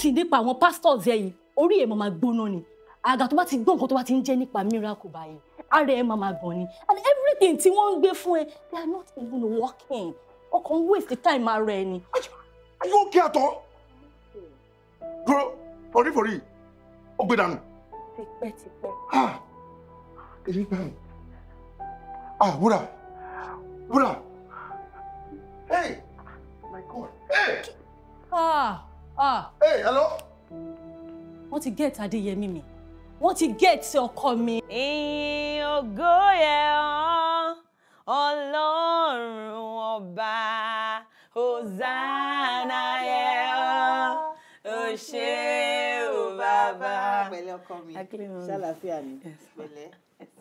preaching nípa àwọn pastors ẹ̀yìn orí ẹ̀ máa gbóná ni àgà tó bá ti gbọ́ nǹkan tó bá ti ń jẹ́ nípa miracle báyìí ara ẹ̀ máa gbọ̀n ni and everything tí wọ́n ń gbé fún ẹ they are not even working ọkàn ń waste time ara ẹ ni. are you okay at bro, fori fori, ó gbé dànù. tipẹ́tipẹ́. Ah, èyí gbà mí ah wúrà wúrà hey my God hey. ah. Ah. Hey, hello. Wọ́n ti get Adéyẹmí mi. Wọ́n ti get ọkọ mi. Ìyìn ògo yẹ hàn Ọlọ́run ọba. Hosanna yẹ hàn. O ṣé o bàbá. Pẹ̀lẹ́ ọkọ mi, ṣàlàfíà ni. Pẹ̀lẹ́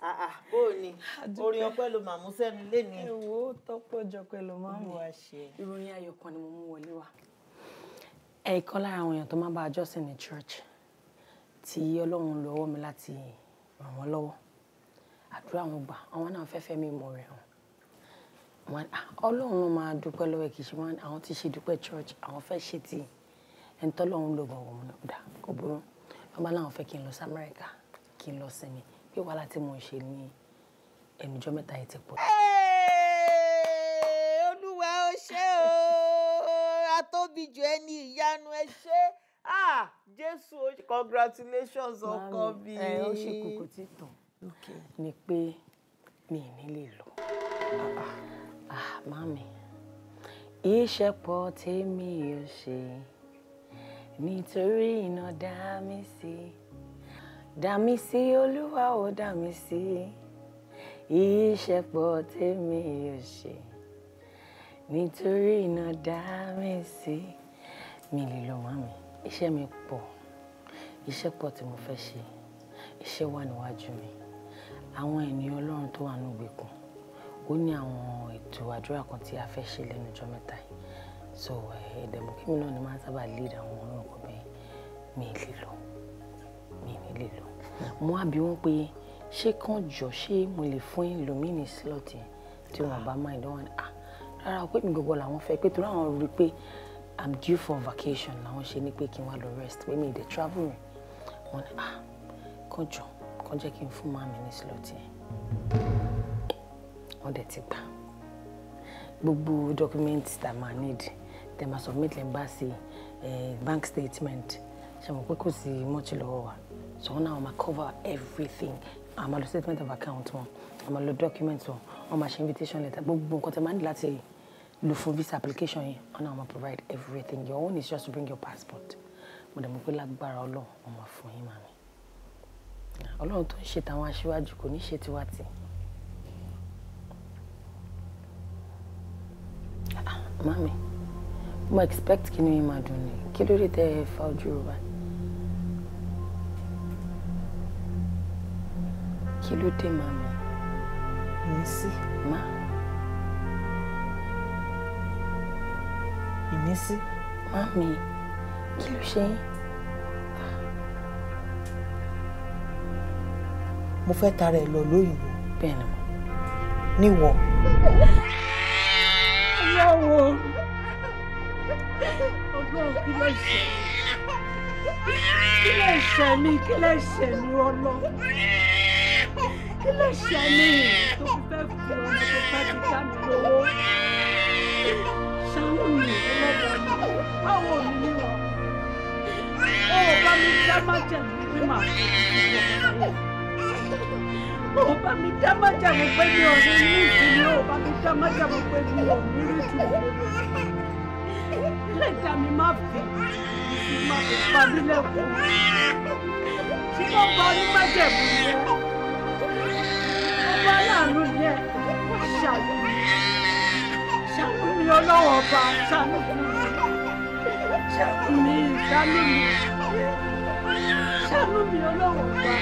ah, ah, bó o ní orin ọpẹ́ ló máa mú sẹ́nu lé ní. Èwo tọ́pọ̀ ló máa ń wá ṣe. Ìròyìn ayọ̀ kan ni mo mú wọlé wa ẹ̀ẹ̀kan lára àwọn èèyàn tó máa bá a jọ́sìn ní church tí ọlọ́run lọ́wọ́ mi láti ràn wọ́n lọ́wọ́ àdúrà wọn gbà àwọn náà fẹ́fẹ́ mi mọ̀ rẹ̀ hàn ọlọ́run ló máa dúpẹ́ lọ́wọ́ kì í ṣe wọn àwọn ti ṣe dúpẹ́ church àwọn fẹ́ ṣe ti ẹni tọ́lọ́run lò bọ̀ wọn dà kò burú wọn bá láwọn fẹ́ kí n lọ sí Amẹ́ríkà kí n lọ sinmi pé wàhálà tí mo ń ṣe ní ẹnìjọ́ mẹ́ta yìí ti pọ̀ jù. Ọlábíjọ ẹni ìyanu ẹ ṣe ah Jésù congratulations ọkọ mi. ẹ ó ṣe kókó tí tàn ni pé mi ì ní lè lọ. Ah, mami ìṣẹ́pọ̀ tèmi ò ṣe nítorí iná dá mi sí dá mi sí olúwa ó dá mi sí ìṣẹ́pọ̀ tèmi ò ṣe nítorí iná dá mi sí mi lè lọ mọ́ mi iṣẹ́ mi pọ̀ iṣẹ́ pọ̀ tí mo fẹ́ ṣe iṣẹ́ wà níwájú mi àwọn ènìyàn ọlọ́run tó wà ní ìgbèkùn ó ní àwọn ètò àdúrà kan tí a fẹ́ ṣe lẹ́nu ọjọ́ mẹ́ta yìí so ẹ̀ẹ́dẹ̀mú eh, kí mi náà ni máa sábà lead àwọn ọ̀rọ̀ kan bẹ́ẹ̀ mi ì lè lọ mi ì lè lọ mo á bi wọ́n pé ṣé kàn jọ ṣé mo lè fún yín lómìnì slot yẹn tí wọ́n bá máa ń dánwò ah rárá pé mi gbogbo làwọn fẹ́ pé torí àwọn rí pé i'm due for vacation làwọn ṣe ni pé kí n wá lọ rest pé mi ì travel rìn wọn ni ah kàn jọ kàn jẹ́ kí n fún màmí ní slot yẹn wọ́n dẹ̀ ti gbà gbogbo documents that ma need tẹ̀ ma submit embassy bank statement ṣe mọ̀ pé kò sí mọ́tì lọ́wọ́ wa so wọn náà wọn cover everything àmàlò statement of account wọn àmàlò document wọn wọ́n máa ṣe invitation letter gbogbo nǹkan tẹ máa ní láti lò fún visa application yẹn wọ́n náà máa provide everything your own is just to bring your passport mo dẹ̀ mọ̀ pé lágbára ọlọ́run wọ́n máa fún yín màmí ọlọ́run tó ń ṣe tàwọn aṣíwájú kò ní ṣe tiwa tì ah, mami mo expect kí ni yín máa dùn ni kí ló dé tẹ ẹ fa ojú rò báyìí kí ló dé màmí mi sí má ìmísí má mi kí ló ṣe yín. mo fẹ́ tara ẹ̀ lọ lóyìnbó. bẹ́ẹ̀ ni mo. níwọ̀. ìyáwó ọlọ́run kí ló ṣe kí ló ṣe mí kí ló ṣe mí ọlọ́run kí lè ṣe ni tó fi fẹ́ fi ọmọ tó fẹ́ fi jáde ni wọ́n ó bá mi dá májẹ̀mú pé màá fi ìdílé ọ̀rọ̀ ó bá mi dá májẹ̀mú pé mi ò ní ní ìdílé ó ọba láàánú yẹ ṣàánú mi ṣàánú mi ọlọ́wọ́ ọba ṣàánú mi ṣàánú mi ṣàánú mi ṣàánú mi ọlọ́wọ́ ọba.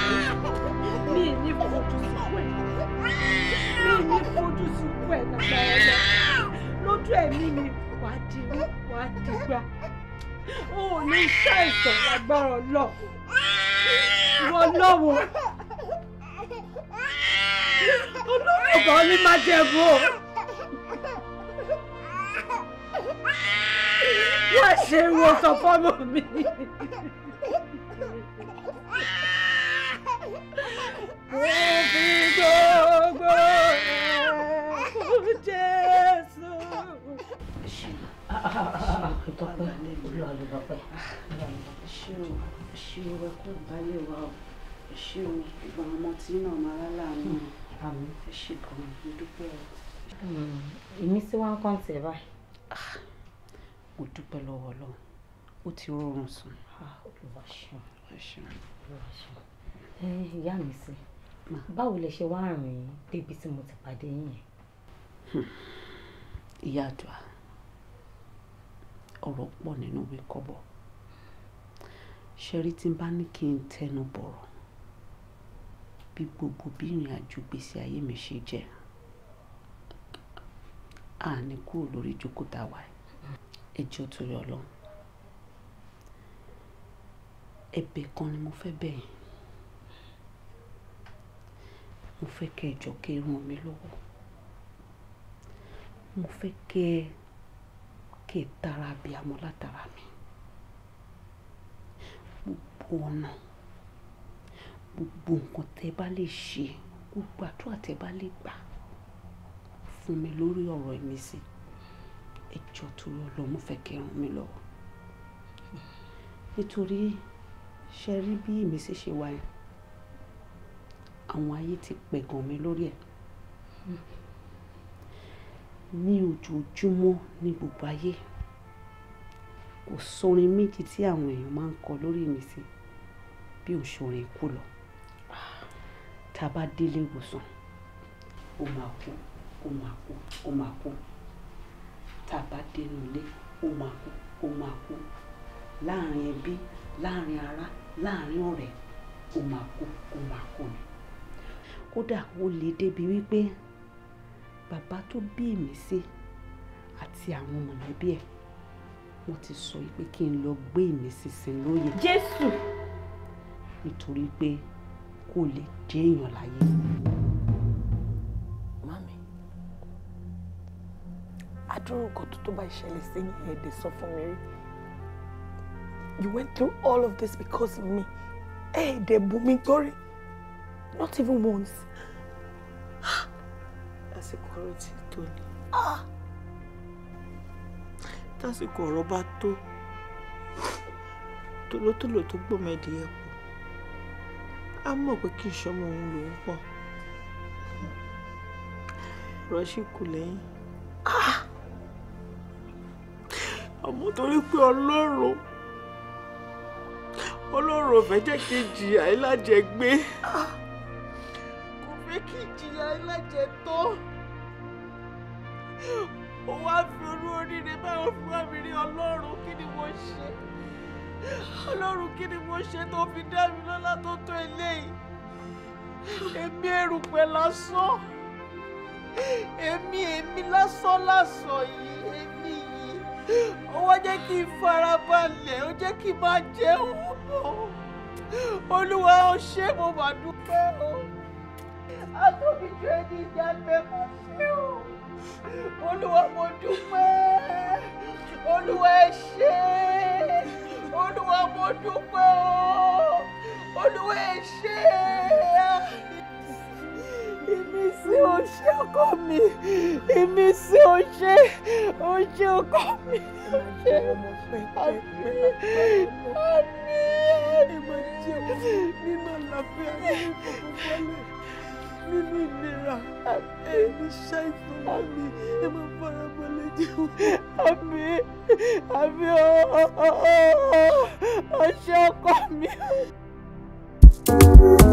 Yeah fojú sunkún ẹ̀ mi ní fojú sunkún ẹ̀ nàgbà ẹ̀rọ lójú ẹ̀mí mi wà á di wà á di gbà ó ní ṣàìsàn lágbára ọlọ ìwọ lọ́wọ́ olóògùn ní má jẹ bó wọ́n ṣe ìwòsàn fọ́mọ mi. fi gbogbo ẹ̀kún Jésù. Tọ́pẹ́ Èmi sí wá ń kàn tẹ̀ báyìí. Mo dúpẹ́ lọ́wọ́ Ọlọ́run. Ó ti rọrùn sùn. Ìyá mi sí i báwo lẹ ṣe wá rìn débi tí mo ti pàdé yín yẹn. Hmm. ìyá àdúrà ọ̀rọ̀ pọ̀ nínú ìwé kọ́bọ̀ ṣẹ́rí tí n bá ní kí n tẹnu bọ̀rọ̀ bí gbogbo bí ìrìn àjò gbèsè ayé mi ṣe jẹ́ àní kúrò lórí ìjókòó tá a wà ẹjọ́ tó yọ lọ ẹ̀bẹ̀ kan ni mo fẹ́ bẹ̀ mo fẹ́ kẹ́ ẹ jọ kẹ́ ẹ ràn mí lọ́wọ́ mo fẹ́ kẹ́ ẹ kẹ́ ẹ tara bí amọ́ látara mi gbogbo ọ̀nà gbogbo nǹkan tẹ́ bá lè ṣe gbogbo àdúrà tẹ́ bá lè gbà fún mi lórí ọ̀rọ̀ ẹ̀mí sí ẹ jọ torí Ọlọ́run mo fẹ́ kẹ́ ẹ ràn mí lọ́wọ́ nítorí ṣe rí bí èmi ṣe wáyé àwọn ayé ti pẹ̀gàn mi lórí ẹ̀ ní ojoojúmọ́ ní gbogbo ayé kò sórin méjì tí àwọn èèyàn máa ń kọ lórí mi sí bí òṣòrin kú lọ tá a bá délé ìwòsàn ó máa kú ó máa kú ó máa kú tá a bá dénú ilé ó máa kú ó máa kú láàrin ẹbí láàrin ará láàrin ọ̀rẹ́ ó máa kú ó máa kú ni kódà ó lè débi wípé bàbá tó bí èmi sí àti àwọn mọ̀lẹ́bí ẹ̀ wọ́n ti sọ pé kí n lọ gbé èmi sísìn lóye. jésù. nítorí pé kò lè jẹ́ láyé. mami adúrú tó tó bá ìṣẹ̀lẹ̀ sí yín ẹ̀ẹ́dẹ̀ sọ fún mi rí you went through all of this because of me ẹ̀ẹ́dẹ̀ bù mí torí. Not even once. That's a tí Tony. ni. Tásìkò ọ̀rọ̀ bá to Tòlótòló to gbọ́mọdé ẹ̀kọ́. Á mọ̀ pé kí ìṣọ́mọ òun lòún pọ̀. Ọ̀rọ̀ sì kù lẹ́yìn. Ah! Àmọ́ torí pé Ọlọ́run Ọlọ́run ò fẹ́ jẹ́ kí n jìyà ẹ̀ Ah kí ìjìyà ẹlẹ́jẹ̀ tó ó wá fi orú oríire báwo fún àmì ọlọ́run kí ni mo ṣe ọlọ́run kí ni mo ṣe tó fi dá mi lọ́lá tó tó eléyìí èmi erùpẹ̀ lásán èmi èmi lásán lásán yìí èmi yìí ó wá jẹ́ kí n farabalẹ̀ ó jẹ́ kí n máa jẹ́ òun mọ́ olúwa ó ṣe mo mà dúpẹ́ o atóbijọ́ ẹni ìjàgbẹ́ mọ́ sí o olúwa mo dúpẹ́ olúwa ẹ ṣé olúwa mo dúpẹ́ o olúwa ẹ ṣé ìmísí o ṣé ọkọ mi ìmísí o ṣé ọkọ mi o ṣé àmì àmì ìmọ̀ jẹun nínú àlàáfíà ní ìfọ̀kànbalẹ̀ nínú ìlera ẹni ṣàìsàn àmì ẹ máa fara balẹ̀ jẹun àmì àmì ọ̀ṣẹ́ ọkọ mi. thank you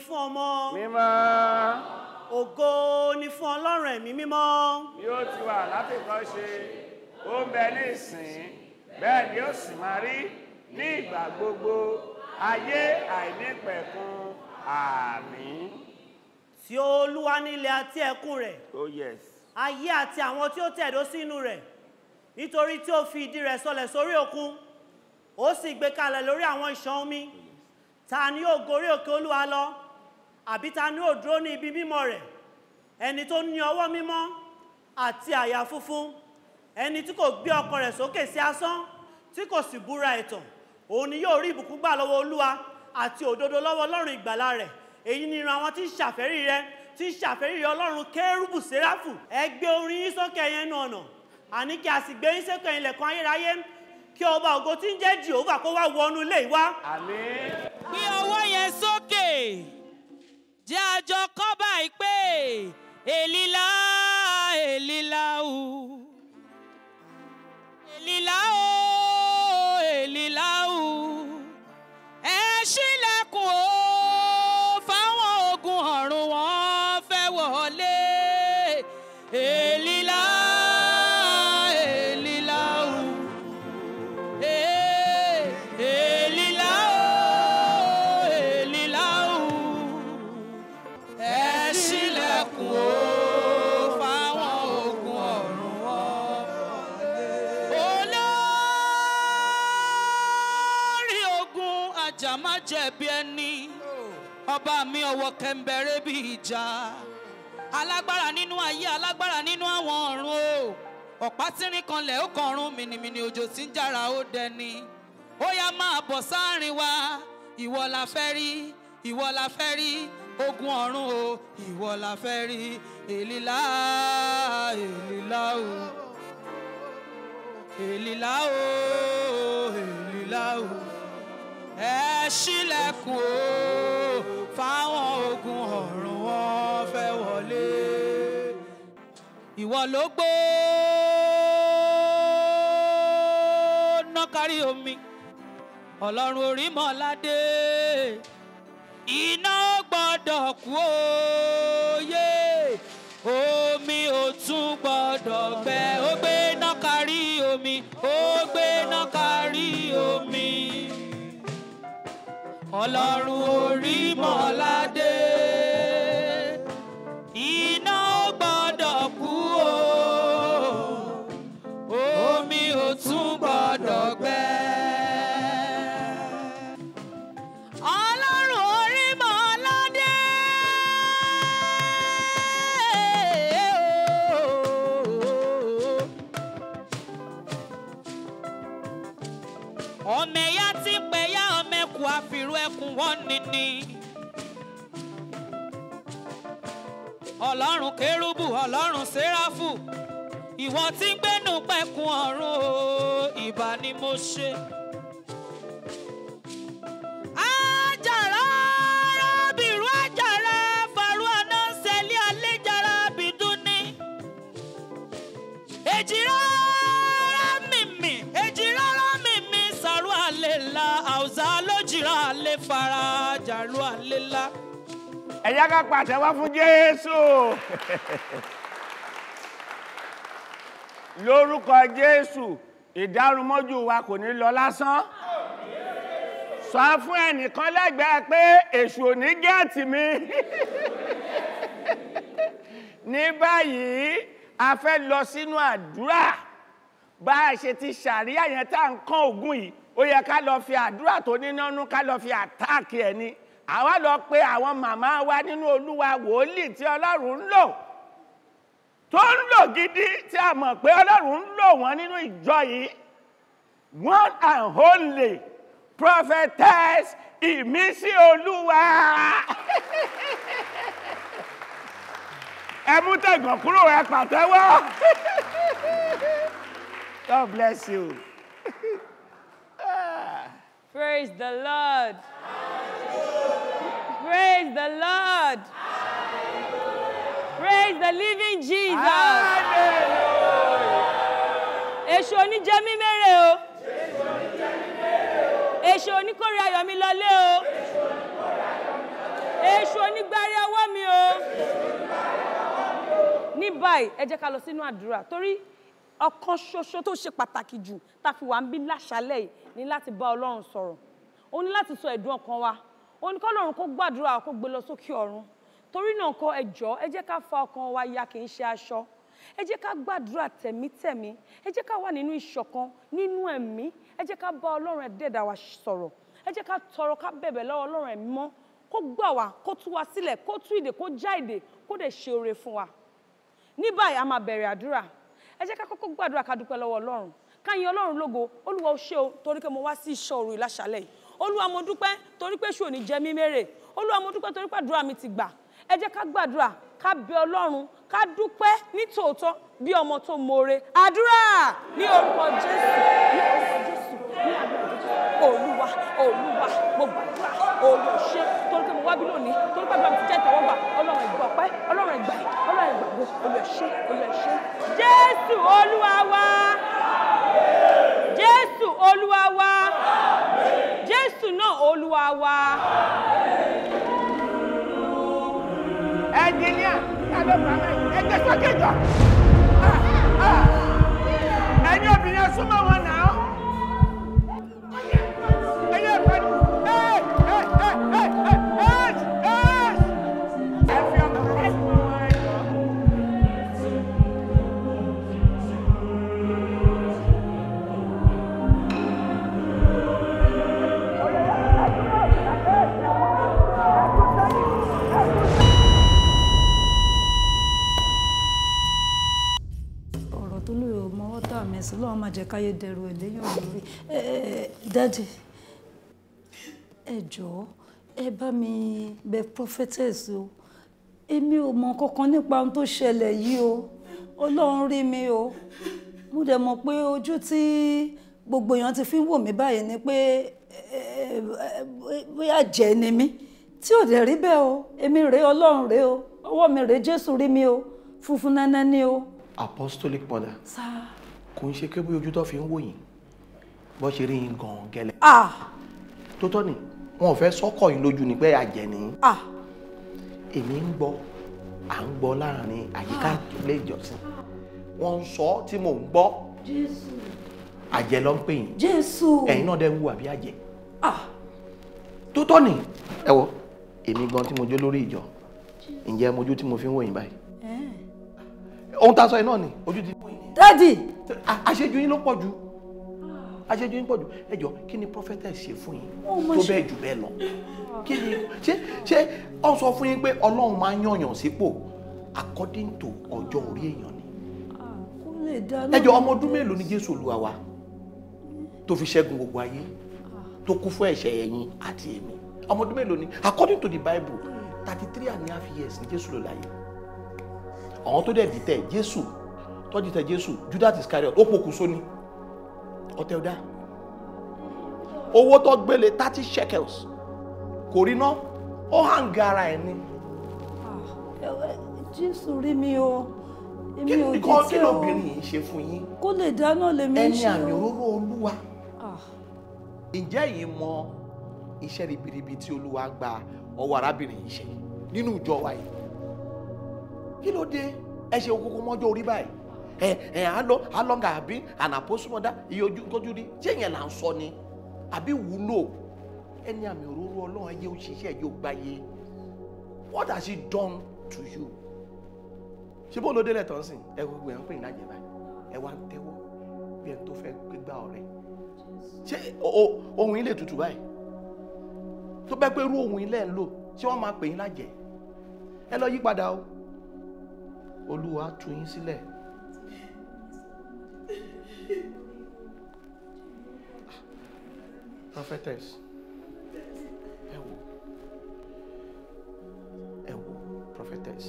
fún ọmọ. mímọ́. ògo ni fún ọlọ́run ẹ̀mí mímọ́. bí ó ti wà látìkọ́ ṣe ó ń bẹ ní ìsìn bẹ́ẹ̀ ni ó sì máa rí ní ìgbà gbogbo ayé àìnípẹ̀kun àmín. tí olúwa ní ilẹ̀ àti ẹ̀kún rẹ̀. oh yes. ayé àti àwọn tí ó tẹ̀dó sínú rẹ̀ nítorí tí ó fi ìdí rẹ̀ sọlẹ̀ sórí òkun ó sì gbé kalẹ̀ lórí àwọn ìṣàn omi ta ni yóò gorí òkè olúwa lọ àbí ta ni ó dúró ní ibi mímọ́ rẹ̀ ẹni tó ní ọwọ́ mímọ́ àti àyà funfun ẹni tí kò gbé ọkàn rẹ̀ sókè sí asán tí kò sì búra ẹ̀tàn òun ni yóò rí ìbùkún gbà lọ́wọ́ olúwa àti òdodo lọ́wọ́ ọlọ́run ìgbàlà rẹ̀ èyí ni ìran àwọn tí ń ṣàfẹ́rí rẹ tí ń ṣàfẹ́rí rẹ ọlọ́run kérúbù séráfù ẹ gbé orin yín sókè yẹn nu ọ̀nà àní kí a sì gbé yín sókè yín lẹ̀kùn ayérayé kí ọba ògo tí ń jẹ́ jìhófà kó wá wọnú ilé ìwá. gbé ọwọ́ yẹn sókè jẹ́ àjọ kọ́ báyìí pé èlìlá èlìlá o èlìlá o. bàbá mi ọwọ́ kẹ̀mbẹ̀rẹ̀ bí ìjà alágbára nínú ayé alágbára nínú àwọn ọ̀run o ọ̀pá tírín kanlẹ̀ ó kọrun mìnìmìnì òjò tí ń jára ó dẹni ó yá máa bọ̀ sáàrin wa ìwọ la fẹ́ rí ìwọ la fẹ́ rí ogun ọ̀run o ìwọ la fẹ́ rí èlìlá èlìlá o èlìlá o èlìlá o ẹ ṣílẹ̀kùn o fáwọn ogun ọ̀run wọn fẹ́ wọlé ìwọ ló gbó ná kárí omi ọlọ́run orí mọ́ládé iná gbọ́dọ̀ kú òye omi ò tún gbọ́dọ̀ gbẹ ó gbé. ọlọ́run orí mọ́ládé. ni. ọlọ́run kérúbù ọlọ́run séráfù ìwọ tí ń gbénú pẹ̀kun ọ̀run o ni mo ṣe. ẹ̀yà ká pàtẹ́wọ́ fún Jésù lórúkọ Jésù ìdárumọ́jú wa kò ní lọ lásán sọ fún ẹnìkan lẹ́gbẹ̀ẹ́ pé èṣù ò ní gẹ́ẹ̀tì mi ní báyìí a fẹ́ lọ sínú àdúrà bá a ṣe ti ṣàríyá yẹn tá à ń kán ògùn yìí ó yẹ ká lọ fi àdúrà tó nínú ká lọ fi àtáàkì ẹ̀ àwa lọ pé àwọn màmá wa nínú olúwa wòlíì tí ọlọ́run ń lò tó ń lò gidi tí a mọ̀ pé ọlọ́run ń lò wọ́n nínú ìjọ yìí one and only prophetess ìmísí olúwa ẹ mú tẹ̀gàn kúrò ẹ pàtẹ́wọ́ God bless you. Praise the Lord. Amen. Praise the Lord. Hallelujah. Praise the living Jesus. Èṣù oníjẹ mí mèrè o. Èṣù oníkórè ayọ̀ mi lọlé o. Èṣù onígbárí ọwọ́ mi o. Ní báyìí, ẹ jẹ́ ká lọ sínú àdúrà torí ọ̀kan ṣoṣo tó ṣe pàtàkì jù tá a fi wà ń bí láṣálẹ̀ yìí ní láti bá Ọlọ́run sọ̀rọ̀. Ó ní láti sọ ẹ̀dùn ọkàn wa òun kọ́ lọ́run kó gbàdúrà kó gbé lọ sókè ọ̀run torí náà kọ ẹjọ́ ẹ jẹ́ ká fa ọkàn wa ya kì í ṣe aṣọ ẹ jẹ́ ká gbàdúrà tẹ̀mítẹ̀mí ẹ jẹ́ ká wà nínú ìṣọ̀kan nínú ẹ̀mí ẹ jẹ́ ká bá ọlọ́run ẹ̀dẹ́dà wa sọ̀rọ̀ ẹ jẹ́ ká tọrọ ká bẹ̀bẹ̀ lọ́wọ́ ọlọ́run ẹ̀mí mọ́ kó gbà wá kó tú wa sílẹ̀ kó tú ìdè kó já ìdè kó dẹ̀ ṣe oore fún wa ní a máa bẹ̀rẹ̀ àdúrà ẹ jẹ́ ká kọ́kọ́ gbàdúrà ká dúpẹ́ lọ́wọ́ ọlọ́run ká ọlọ́run lógo olúwa ó ṣé o torí pé mo wá sí ìṣọ́ òru ìláṣálẹ̀ yìí olúwa mo dúpẹ́ torí pé ṣù ò ní jẹ mí mérè olúwa mo dúpẹ́ torí pé àdúrà mi ti gbà ẹ jẹ́ ká gbàdúrà ká bẹ ọlọ́run ká dúpẹ́ ní tòótọ́ bí ọmọ tó mọre àdúrà ní orúkọ jésù ní orúkọ jésù ní àdúrà olúwa olúwa mo gbàdúrà olùwà ṣe torí pé mo wá bí lónìí torí pé àdúrà mi ti jẹ́ ìtẹ́wọ́gbà ọlọ́run ìgbà ọpẹ́ ọlọ́run ìgbà ọlọ́run ìgbà gbogbo olùwà ṣe olùwà ṣe jésù olúwa wa jésù olúwa wa jésù náà olúwa wa. ẹnjìníà tàbí bàbá ẹgbẹ́ sókè jọ ah, ah. ẹ̀yin obìnrin ẹ súnmọ́ wọn. ọlọ́run má jẹ́ káyé dẹrù ẹlẹ́yìn olórí dádì ẹ jọ̀ọ́ ẹ bá mi bẹ prophetess o èmi ò mọ kankan nípa ohun tó ṣẹlẹ̀ yìí o ọlọ́run rí mi o mo dẹ̀ mọ̀ pé ojú tí gbogbo èèyàn ti fi ń wò mí báyìí ni pé bóyá jẹ́ ni mí tí ò dẹ̀ rí bẹ́ẹ̀ o èmi rèé ọlọ́run rèé o ọwọ́ mi rèé jésù rí mi o funfun nánà ni o. apostolic mother. sáà kò ń ṣe pé bí ojú tó fi ń wò yín bó ṣe rí yín gan gẹ́lẹ́. tó tọ́ ni wọn ò fẹ́ sọ́kọ̀ yín lójú ni pé àjẹ́ ni. èmi ń gbọ́ à ń gbọ́ láàrin àyíká ilé ìjọsìn wọ́n ń sọ tí mò ń gbọ́ àjẹ́ ló ń pè yín ẹ̀yin náà dẹ́ ń wù àbí àjẹ́. tó tọ́ ni ẹ wọ èmi gan tí mo jó lórí ìjọ ǹjẹ́ mojú tí mo fi ń wò yín báyìí ohun tá a sọ yìí náà ni ojú ti dádì. àṣejù yín ló pọ̀ jù àṣejù yín pọ̀ jù ẹ jọ kí ni prophetess ṣe fún yín oh, tó bẹ́ẹ̀ jù bẹ́ẹ̀ lọ kí ni ṣé ṣé ọ sọ fún yín pé ọlọ́run máa ń yànyàn sípò according to ọjọ́ orí èèyàn ni ah, ẹ jọ ọmọ ọdún mélòó ni jésù olúwa wa tó fi ṣẹ́gun gbogbo ayé ah. tó kú fún ẹ̀ṣẹ̀ ẹ̀yin àti èmi ọmọ ọdún mélòó ni according to the bible thirty three and a half years ni jésù lò láyé àwọn tó dẹ̀ dìtẹ̀ jésù tó dìtẹ̀ jésù judas iscariot ó pokùnso ni ọ̀tẹ̀ ọ̀dá owó tó gbélé thirty shekels kò rí ná ó hàn gara ẹ̀ ni. jésù rí mi o èmi ò jí tí o kí lóbìnrin yìí ṣe fún yín kó lè dáná lèmi ṣe o ẹni àmì òróró olúwa ah. ǹjẹ́ yìí mọ iṣẹ́ ribiribi tí olúwa gba ọwọ́ arábìnrin yìí ṣe nínú ìjọ wa yìí kí ló dé ẹ ṣe okòkò mọ́jọ́ orí báyìí ẹ ẹ á lọ á lọ an apostle mother iye ojú kojú rí tí èèyàn là ń sọ ni àbí wúlò ẹni àmì òróró ọlọ́run ayé òṣìṣẹ́ yóò gbáyé what has he done to you ṣé bó ló délẹ̀ tán sìn ẹ gbogbo ẹ̀ ń pè ní àjẹbá ẹ wá ń tẹ́wọ́ bí ẹ tó fẹ́ gbégbá ọ̀rẹ́ ṣé ohun ilé tutù báyìí tó bẹ́ pé irú ohun ilé ń lò ṣé wọ́n máa pè yín lájẹ́ ẹ lọ yí padà o olúwa tú yín sílẹ̀ tán fẹ́ tẹ̀sí ẹ wò ẹ wò prophetess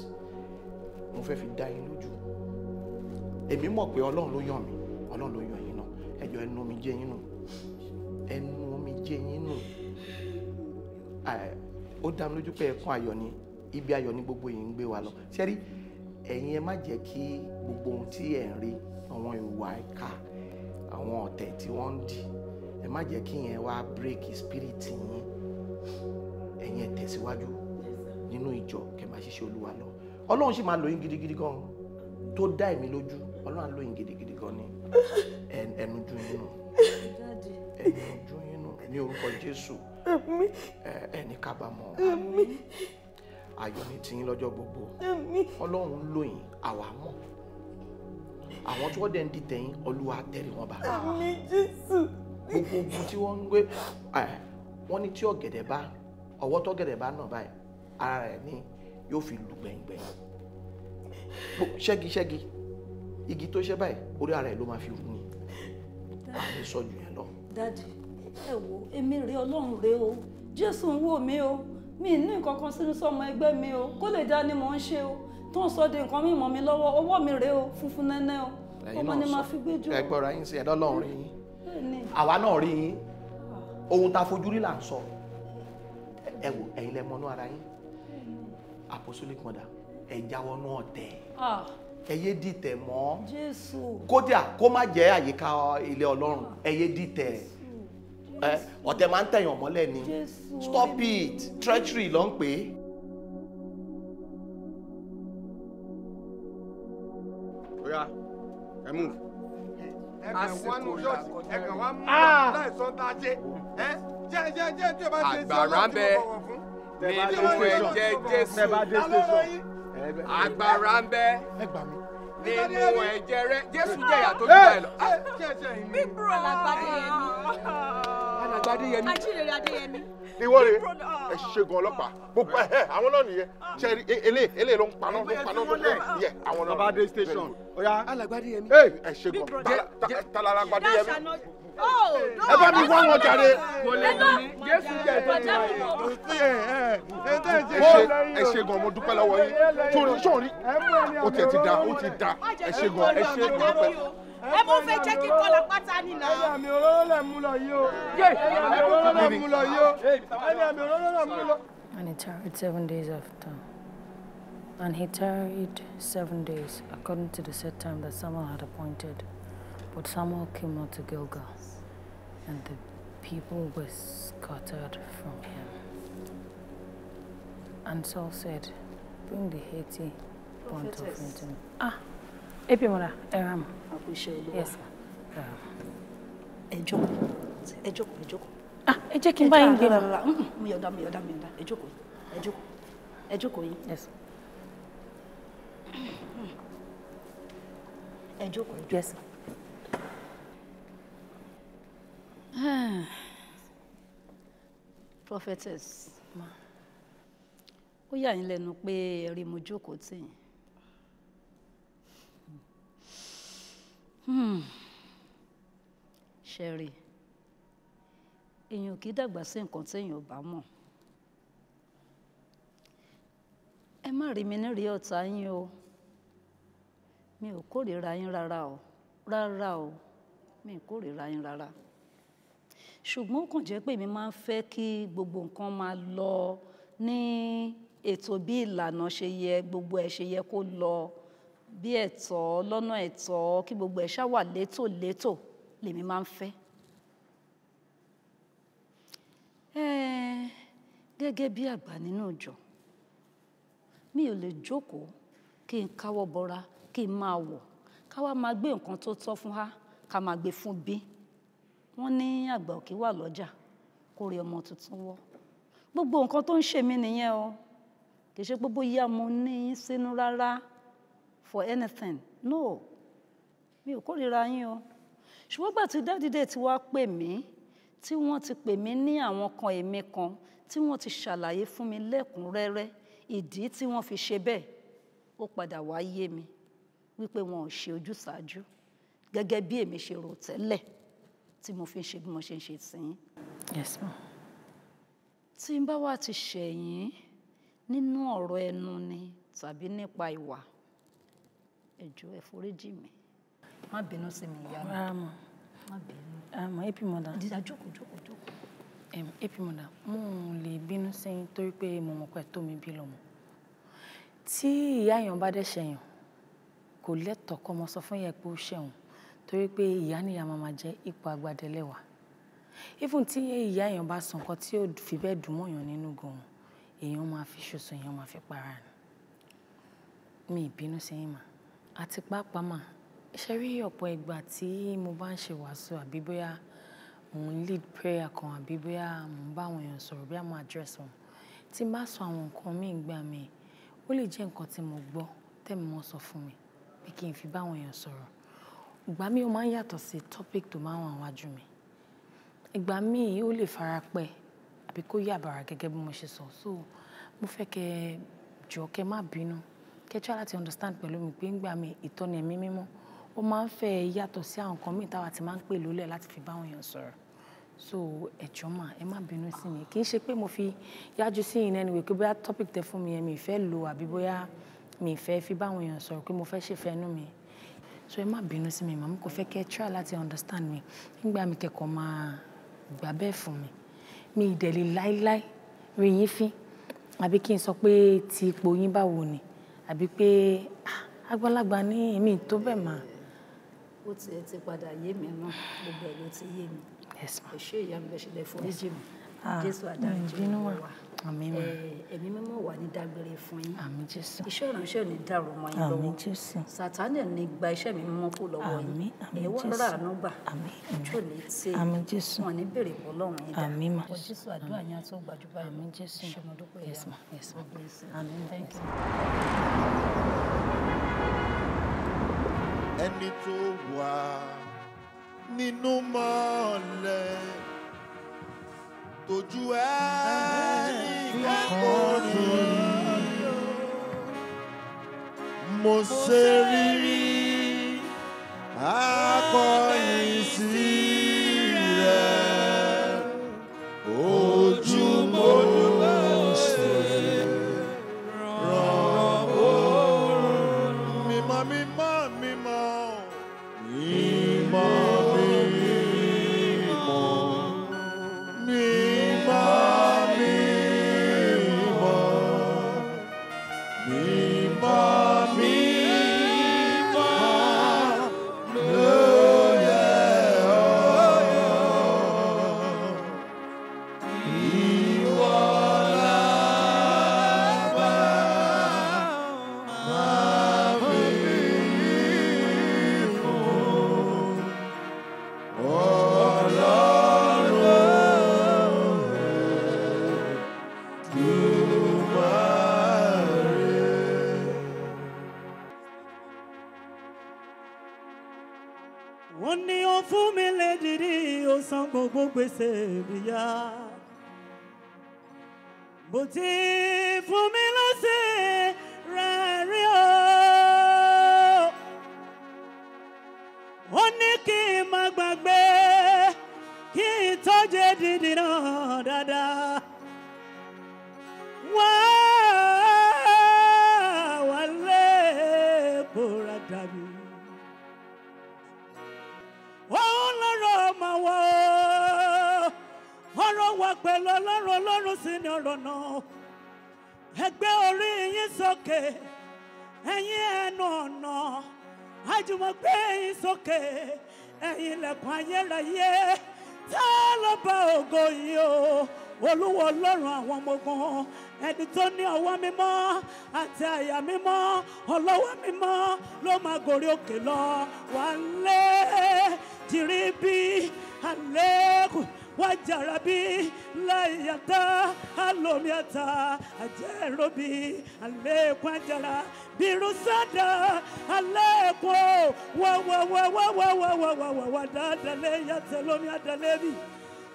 mo fẹ́ fi dá yín lójú èmi mọ̀ pé ọlọ́run ló yàn mí ọlọ́run ló yàn yín náà ẹjọ́ ẹnu mi jẹ́ yín nù ẹnu mi jẹ́ yín nù ó dá mi lójú pé ẹ̀kún ayọ̀ ni ibi ayọ̀ ni gbogbo yìí ń gbé wa lọ sẹ́rí ẹ̀yin ẹ má jẹ́ kí gbogbo ohun tí ẹ̀ ń rí àwọn ìwà ẹ̀ka àwọn ọ̀tẹ̀ tí wọ́n ń dì má jẹ́ kí yẹn wá break spirit yín ẹ̀yin ẹ̀ tẹ̀síwájú nínú ìjọ kẹ́ máa ṣiṣẹ́ olúwa lọ ọlọ́run sì máa lò yín gidigidi gan tó dá èmi lójú ọlọ́run á lò yín gidigidi gan ni ẹnu ju yín nù ẹnu ju yín nù ní orúkọ jésù ẹni kábàámọ̀ ayọ̀ ní tiyín lọ́jọ́ gbogbo ọlọ́run ń lò yín àwa mọ̀ àwọn tí wọ́n dẹ̀ ń dìtẹ̀ yín olúwa tẹ̀rí wọn bá. àmín jésù gbogbo ogun tí wọ́n ń gbé wọ́n ní tí ọ̀gẹ̀dẹ̀ bá ọwọ́ tọ́gẹ̀dẹ̀ bá náà báyìí ara rẹ̀ ni yóò fi lù gbẹ̀ngbẹ̀ng ṣẹ́gi ṣẹ́gi igi tó ṣẹ́ báyìí orí ara ẹ̀ ló máa fi rù ni àmì sọ́jú yẹn lọ. dadi ẹ wo èmi rèé ọlọ́run rèé o jésù ń wò mí o mi ní nǹkan kan sínú sọmọ ẹgbẹ́ mi o kó lè dá ni mò ń ṣe o tó ń sọ de nǹkan mímọ́ mi lọ́wọ́ ọwọ́ mi rèé o funfun nẹ́nẹ́ o ọmọ ni màá fi gbé jù. ẹ gbọ́ra yín sí ẹ̀dọ́ ọlọ́run rí yín àwa náà rí yín ohun tá fojú rí là ń sọ ẹ wò ẹ̀yin lẹ mọnú ara yín apostolic mother ẹ jáwọ́ náà tẹ̀ ẹ yé dìtẹ̀ mọ́ kódà kó má jẹ́ àyíká ilé Ọlọ́run ẹ yé dìtẹ̀ ọ̀tẹ̀ máa ń tẹ̀yàn mọ́lẹ̀ ni stop it treachery ló ń pè é. oya ẹ move àsìkò ìlàkọjá ah! àgbàrá bẹ nínú ẹ̀jẹ̀ Jésù àgbàrá bẹ nínú ẹ̀jẹ̀ rẹ Jésù jẹ ìyàtọ̀ nígbà ẹ lọ. alagbadeyemi. alagbadeyemi. ajínrere adéyẹmí ìwọ rẹ ah. ẹ ṣègùn ọlọ́pàá gbogbo ẹ eh, eh, àwọn náà nìyẹn ṣẹri ele ele ló ń paná ló ń paná ló ń yẹ àwọn náà. babade station oya alagbadeyemi. ẹ ṣègùn talalagbadeyemi oh, oh, ẹ bá mi wá wọn jáde. ẹ ṣe gan mo dúpẹ́ lọ́wọ́ yín sórí sórí ó tiẹ̀ ti da ó ti da ẹ ṣe gan ẹ ṣe gan pẹ́. And he tarried seven days after. And he tarried seven days, according to the set time that Samuel had appointed. But Samuel came out to Gilgal, and the people were scattered from him. And Saul said, Bring the Haiti burnt offering Ah! epi mọ́ra ẹ̀rọ mu. àkùṣe olúwa ẹ jókòó ẹ jókòó ẹ jókòó. ah ẹ jẹ́ kí n bá yín gbé lọ. mo yọ̀dá mo yọ̀dá mo yọ̀dá ẹ jókòó ẹ jókòó ẹ jókòó Yes. ẹ jókòó ẹ jókòó. prophetess ó yà yín lẹ́nu pé ẹ rí mo jókòó tì ṣẹ̀rì èèyàn kì í dàgbà sí nǹkan téèyàn ò bá mọ̀ ẹ má rí mi nírí ọ̀tá yín o mi ò kórìíra yín rárá o rárá o mi ò kórìíra yín rárá ṣùgbọ́n ó kàn jẹ́ pé mi máa ń fẹ́ kí gbogbo nǹkan máa lọ ní ètò bí ìlànà ṣe yẹ gbogbo ẹ̀ ṣe yẹ kó lọ bí ẹ̀tọ́ lọ́nà ẹ̀tọ́ kí gbogbo ẹ̀ ṣá wà létòlétò lèmi máa ń fẹ́. gẹ́gẹ́ bí àgbà nínú ìjọ mi ò lè jókòó kí n káwọ́ bọra kí n máa wọ̀ ká wá máa gbé nǹkan tó tọ́ fún a ká máa gbé fún bí wọ́n ní àgbà òkè wà lọ́jà kó rí ọmọ tuntun wọ́ gbogbo nǹkan tó ń ṣe mí nìyẹn o kì í ṣe pé bóyá mo ní sínú rárá for anything no mi ò kórìíra yín o ṣùgbọ́n gbà tí dáàdì dé ti wá pè mí tí wọ́n ti pè mí ní àwọn kan èmi kan tí wọ́n ti ṣàlàyé fún mi lẹ́kùnrẹ́rẹ́ ìdí tí wọ́n fi ṣe bẹ́ẹ̀ ó padà wá yé mi wípé wọn ò ṣe ojúsàájú gẹ́gẹ́ bí èmi ṣe rò tẹ́lẹ̀ tí mo fi ń ṣe bí mo ṣe ń ṣe sìn. yes ma. tí n bá wá ti ṣẹ̀yìn nínú ọ̀rọ̀ ẹnu ni tàbí nípa ìwà ẹ jọ̀ọ́ ẹ foríjì mi má bínú sí mi ìyá mi má bínú. àmọ́ ap mother. dídá jókòó jókòó jókòó. ap mother mo ò lè bínú sẹ́yìn torí pé mo mọ̀ pé tó mi bí lọ́mọ tí ìyá èèyàn bá dẹ̀ ṣẹ̀yàn kò lẹ́tọ̀ọ́ kọ́ mọ sọ fún yẹn pé ó ṣẹ̀wọ̀n torí pé ìyá níyà máa máa jẹ́ ipò agbadẹ́lẹ́wà even tí ìyá èèyàn bá sọ nǹkan tí ó fi bẹ́ẹ̀ dùn mọ́ èèyàn nínú gan-an èèyàn máa fi ṣoṣo èèyàn máa fi para ni mi ìbínú sẹ́yìn mà àti pàápàá mà, ṣé rí ọ̀pọ̀ ìgbà tí mo bá ń ṣe wàásù àbí bóyá mò ń lead prayer kan àbí bóyá mò ń bá àwọn èèyàn sọ̀rọ̀ bóyá mo address wọn, tí n bá sọ àwọn nǹkan mi ìgbà mi, ó lè jẹ́ nǹkan tí mo gbọ́ tẹ́mi wọn sọ fún mi pé kí n fi bá àwọn èèyàn sọ̀rọ̀. Ìgbà mí ó máa ń yàtọ̀ sí topic tó máa ń wà níwájú mi. Ìgbà mí ó lè farapẹ́ àbí kó yà bàrà gẹ́gẹ́ bí mo ṣe sọ. So mo fẹ́ kẹ jọ kẹ má bínú kẹ́tíwá láti understand pẹ̀lú mi pé ńgbà mi ìtọ́ni ẹ̀mí mímọ́ ó máa ń fẹ́ yàtọ̀ sí àwọn nǹkan míì táwa ti máa ń pè lólẹ̀ láti fi bá àwọn èèyàn sọ̀rọ̀ so ẹ̀jọ́ mà ẹ má bínú sí mi kì í ṣe pé mo fi yájú sí yìí nẹ́nu wèé pé bóyá topic tẹ fún mi yẹn mi ìfẹ́ lò àbí bóyá mi ìfẹ́ fi bá àwọn èèyàn sọ̀rọ̀ pé mo fẹ́ ṣèfẹ́ inú mi so ẹ má bínú sí mi màmú kò fẹ́ kẹ́ try láti understand mi nígbà mi kẹ́kọ̀ọ́ máa gbà bẹ́ẹ̀ fún mi mi ìdẹ̀lẹ̀ láíláí rí yín fín àbí kí n sọ pé ti ipò yín báwo ni àbí pé ah, àgbàlagbà ní èmi tó bẹ́ẹ̀ mà. ó ti ẹ ti padà yé mi náà gbogbo ẹ ló ti yé mi ẹ ṣé ìyá mi bẹ ṣe lè foríjì mi ah, jésù àdáríjì mi àmín ma ẹ̀mí mímọ́ wà ní dágbére fún yín àmín jésù iṣẹ́ ìránṣẹ́ ní dàrú mọ́ yín lọ́wọ́ àmín jésù sàtánì ní gba iṣẹ́ mi mímọ́ kó lọ́wọ́ yín ẹ wá rà àánú gbà àmín ojú ò ní tí àmín jésù wọn ní bèrè bọ́ lọ́rùn yín dá àmín ma jésù àdúrà yín á tó gbàjú báyìí àmín jésù ṣọmọdúpẹ́ yes ma yes ma àmín thank you. ẹni tó wà nínú mọ́ọ̀lù tójú ẹni kẹ́kọ̀ọ́ rí mo ṣe rí rí. o ẹ gbé orí yín sókè ẹ̀yin ẹnu ọ̀nà àjùmọ̀ gbé yín sókè ẹ̀yin ilẹ̀kùn ayérayé tá a lọ bá ògo yìí o olúwa ọlọ́run àwọn ọmọ ogun ẹni tó ní ọwọ́ mímọ́ àti àyà mímọ́ ọlọ́wọ́ mímọ́ ló máa gòrí òkè lọ wà á lé jìrìbí àlékún wajarabi layata alomiata ajerobi alekwajara birusada alekwo wawawawawawawawawa dadale yatelomi adalebi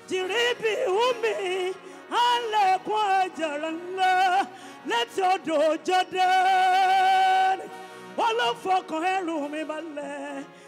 jiribi umi alekwo ajara ńlá létí odò Jọ́dánì wọn ló fọkàn ẹrù mi balẹ̀.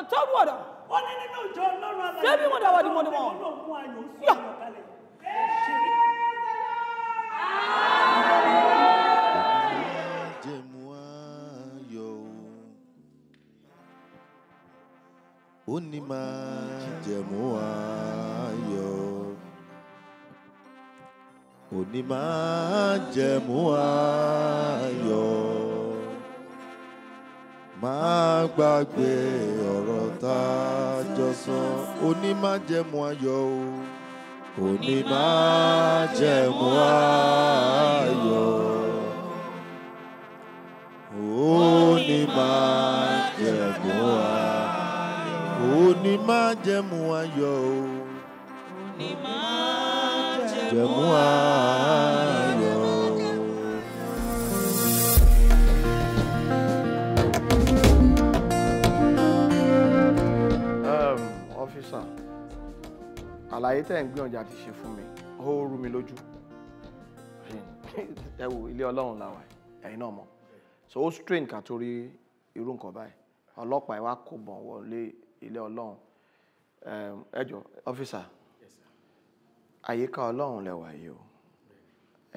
ọ̀tọ́gbọ̀dà débi wọn dáwọ́ di mọ́ ni wọn. ó ní máa jẹ̀mú ayọ̀ ó ní máa jẹ̀mú ayọ̀ má gbàgbé ọ̀rọ̀ tá a jọ sọ òní má jẹ̀mú ayọ̀ o òní má jẹ̀mú ayọ̀ òní má jẹ̀mú ayọ̀ òní má jẹ̀mú ayọ̀ o òní má jẹ̀mú ayọ̀. àlàyé tẹ̀ ń gbìyànjú àti ṣe fún mi ó rú mi lójú ẹ wo ilé ọlọ́run làwà ẹ̀yin náà mọ̀ so ó strain ká torí irú nǹkan báyìí ọlọ́pàá ìwà kò bọ̀ wọlé ilé ọlọ́run ẹ jọ̀ọ́ ọ́fíìsà àyíká ọlọ́run lẹ́wà yìí o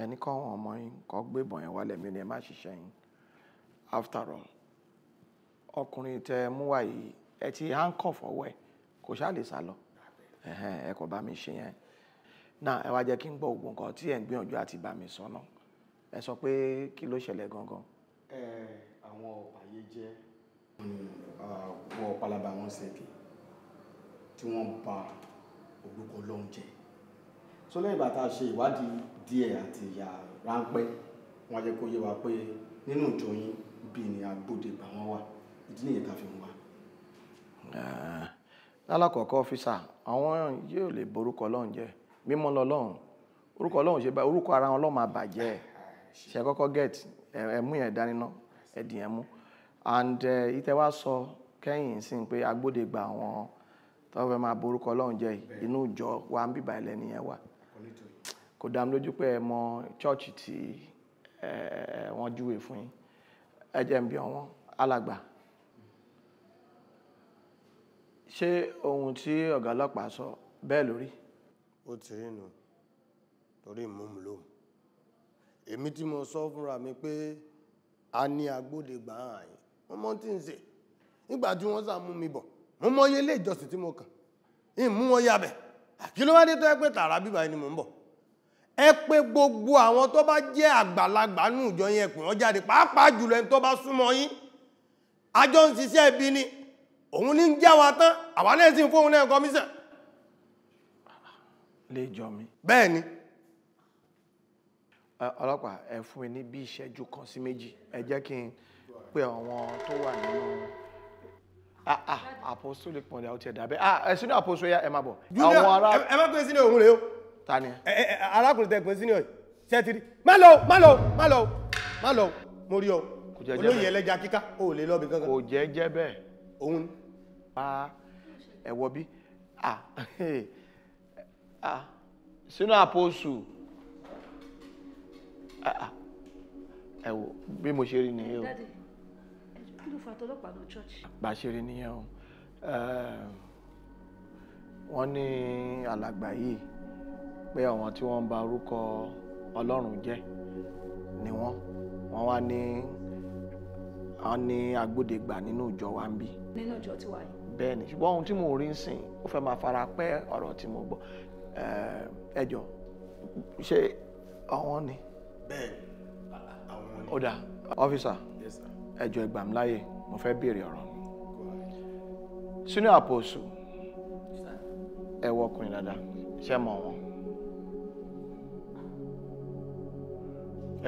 ẹni kọ́ wọn ọmọ yín kọ́ gbébọn yẹn wálẹ̀ mí ni ẹ má ṣiṣẹ́ yín after all ọkùnrin tẹ mú wá yìí ẹ ti handcuff ọwọ́ ẹ kò ṣáà lè sá lọ ẹ kò bá mi ṣe yẹn náà ẹ wá jẹ́ kí n gbọ́ ògùn kan tí ẹ̀ ń gbìyànjú àti bá mi sọ náà ẹ sọ pé kí ló ṣẹlẹ̀ gangan. ẹ àwọn ọ̀pàyé jẹ́ wọ palaba wọn ṣèké tí wọ́n ba orúkọ Ọlọ́run jẹ́ tó lẹ́yìn bàtà ṣe ìwádìí díẹ̀ àti ìyá ráńpẹ́ wọ́n jẹ́ kó yé wa pé nínú ìjọ yín bíi ní agbóde bá wọn wà ìdí nìyẹn tá a fi ń wá lálàkọ̀ọ́kọ́ ọ́fíìsà àwọn yóò lè borúkọ ọlọ́run jẹ́ mímọ́ lọ́lọ́run orúkọ ọlọ́run ṣe báyìí orúkọ ara wọn lọ́ọ́ máa bàjẹ́ ṣe kọ́kọ́ get ẹ̀mú yẹn dání ẹ̀dìn ẹ̀mú and ìtẹ́ wá sọ kẹ́yìn sí pé agbódegba àwọn tó fẹ́ máa borúkọ ọlọ́run jẹ́ inú ìjọ wa ń bíbà ilẹ̀ nìyẹn wà kò dá mi lójú pé ẹ mọ chọ́ọ̀chì tí wọ́n júwe fún yín ẹ jẹ́ ń bí wọn alàgbà ṣé ohun tí ọ̀gá ọlọ́pàá sọ bẹ́ẹ̀ lórí. ó ti rí nu torí ìmúmu ló èmi tí mo sọ fúnra mi pé a ní agbódegbà àyìn wọ́n mọ́ tí ń ṣe nígbà tí wọ́n sàmú mi bọ̀ mo mọ iye ilé ìjọsìn tí mo kàn ìmú wọn yabẹ̀ kí ló wá dé tó ẹ pé tààrà bíbá ẹni mò ń bọ̀ ẹ pé gbogbo àwọn tó bá jẹ́ àgbàlagbà nù ìjọ yẹn pè wọ́n jáde pàápàá jùlọ ẹni tó bá súnmọ́ yín àjọ ń ṣiṣẹ́ ibi ni òun ní ń já wa tán àwa náà sì ń fóun náà commission lè jọ mi bẹ́ẹ̀ ni ọlọ́pàá ẹ fún mi ní bí ìṣẹ́jú kan sí méjì ẹ jẹ́ kí n pé àwọn tó wà nínú apostolic pọ̀ndà ó ti ẹ̀dà bẹ́ẹ̀ ẹ sínú apostolic ẹ máa bọ̀ àwọn ará ẹ má pè sínú òun rèé o ta ni ẹ arákùnrin tẹ pè sínú ẹ ṣe má lọ má lọ má lọ má lọ mo rí ọ olóyè ẹlẹ́ja kíká o lè lọ bí kankan kò jẹ́ jẹ́ bẹ́ẹ̀ òun paa ẹ̀wọ bí ah ah sínú àpòsù ah ẹ̀wọ bí mo ṣe rí nìyẹn o. Daddy, kí church. bá a ṣe rí nìyẹn o ehm, wọ́n ní alàgbà yìí pé àwọn tí wọ́n ń ba orúkọ Ọlọ́run jẹ́ ni wọ́n wọ́n wá ní. Ni àwọn ni agbódegbà nínú ìjọ wa ń bí. nínú ìjọ tí wà yìí. bẹ́ẹ̀ ni ṣùgbọ́n ohun tí mo rí ń sìn ó fẹ́ máa fara pẹ́ ọ̀rọ̀ tí mo gbọ́ ẹ jọ ṣé àwọn ni. bẹ́ẹ̀ àwọn ni. ó dáa ọ́fíìsà ẹ jọ ẹ gbà láàyè mo fẹ́ béèrè ọ̀rọ̀ mi. sínú àpòsù ẹ wọ ọkùnrin dáadáa ṣé mọ̀ wọn.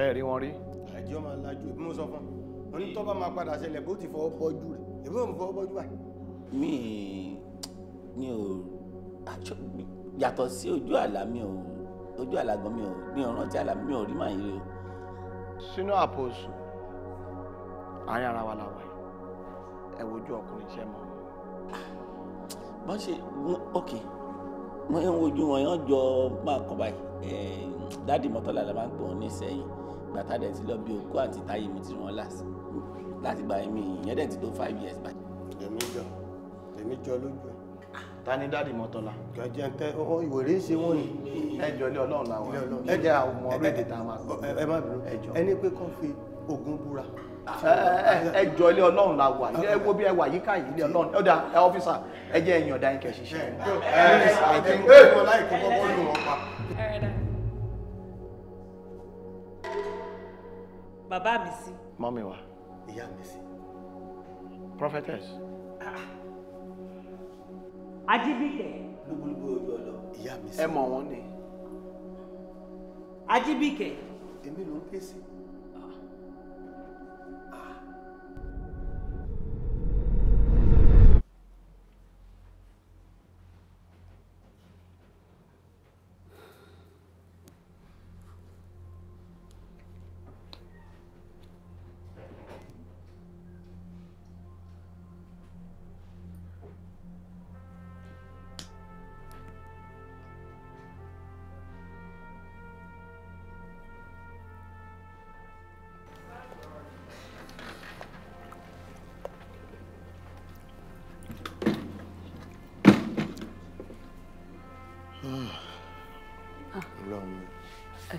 ẹ rí wọn rí. àìjọ́ máa lajú ìbí sọ fún un ní tó bá máa padà ṣẹlẹ̀ bó ti fọwọ́ bọ́jú rẹ̀ èmi ò fọwọ́ bọ́jú báyìí. mi mi ò àjọ yàtọ̀ sí ojú àlá mi ò ojú àlá gan mi ò mi ò rántí àlá mi ò rí màá yìí o. sínú àpò oṣù àárín ara wa la ẹ wojú ọkùnrin iṣẹ́ mọ́. bọ́n ṣe ok wọ́n ń wojú wọn yẹn jọ máa kọ́ báyìí dáàdì mọ́tọ́lá la máa ń pè wọ́n ní sẹ́yìn gbàtà dẹ̀ ti lọ bí okó àti táyé mi ti rán láti láti gba èmi ìyẹn dẹ̀ ti tó five years back. èmi jọ èmi jọ lójú ẹ ta ni dáàdi mọ́tọ́lá. jọjẹ ń tẹ ọ ìwèrè ṣe wọn ni. ẹjọ ilé Ọlọ́run làwọn ẹjẹ àwọn ọmọ orí èdè tá a máa gbọ́. ẹ má bínú ẹni pé kàn fi ogun búra ẹjọ ilé Ọlọ́run la wà ẹ wo bí ẹ wà yíká yìí ilé Ọlọ́run ọdà ẹ ọfíìsà ẹ jẹ ẹyàn ọdà yín kẹ ṣiṣẹ́. ẹ ẹ ẹ ẹ ẹ ẹ ẹ ẹ ẹ ẹ ẹ ẹ bàbá mi sí. mọ́mí wa. iya mi sí. prophetess. Ah. ajibike. lúgbúlúgbú ojú ọlọ ìyá mi sí. ẹ mọ̀ wọ́n ni. ajibike. èmi ló ń ké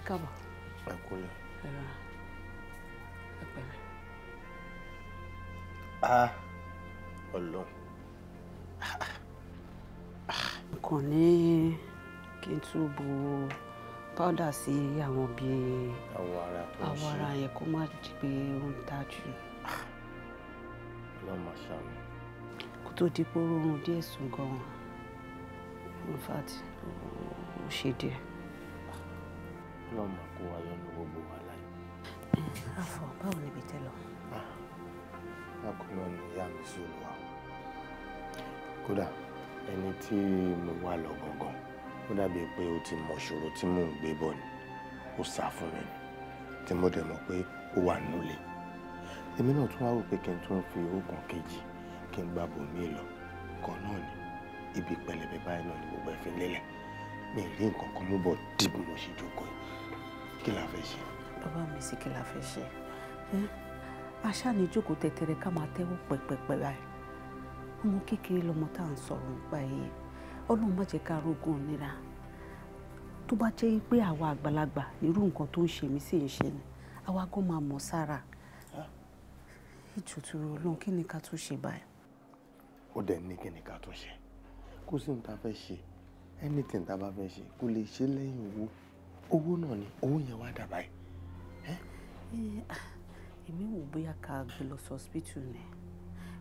káàbọ̀. ẹ kúlẹ̀. ẹ rà ẹ pẹ̀lẹ́. a Ọlọ́run. kàn ní kí n tún bu pọ́dà sí àwọn bíi àwọn ara yẹn kó má di pé ó ń ta jù. Ọlọ́run máa ṣàmì. kó tó di pé ó díẹ̀ sùn gan-an in fact ó ṣe díẹ̀ lọ́mọ kó wa yọ ní gbogbo wa láyé. àfọ báwo ni ibi tẹ lọ. akọlọ ah, ni ìyá mi sí olùwà kódà ẹni tí mo wà lọ gangan ó dàbíi pé ó ti mọ ìṣòro tí mò ń gbé bọ̀ ni ó sá fún mi tí mo dẹ̀ mọ̀ pé ó wà nílé èmi náà tún wá rò pé kí n tún fi oògùn kejì kí n gba bòmí lọ kan náà ni ibi pẹlẹbẹ báyìí náà ni gbogbo ẹ fi lélẹ̀ mi rí nǹkan kan mú bọ̀ dìbò mo ṣe jókòó yìí kí la fẹ́ ṣe. bàbá mi sì kí la fẹ́ ṣe aṣá ni jókòó tẹ̀tẹ̀rẹ̀ ká máa tẹ́wọ́ pẹ̀pẹ̀pẹ̀ báyìí ọmọ kékeré lọmọ tá à ń sọ̀rọ̀ nípa yìí ọlọ́run má jẹ́ ká rógùn nira tó bá jẹ́ pé àwa àgbàlagbà irú nǹkan tó ń ṣe mí sì ń ṣe ni àwa gan máa mọ̀ sára ìtùtùrù ọlọ́run kí ni ká tún ṣe báyìí. ó dẹ̀ ní kí ni ká tún ṣe kó ta fẹ́ ṣe anything tá a bá fẹ́ ṣe kó lè ṣe lẹ́yìn owó náà ni owó yẹn wá dà báyìí. èmi wò bóyá ká gbé lọ sí hospital ni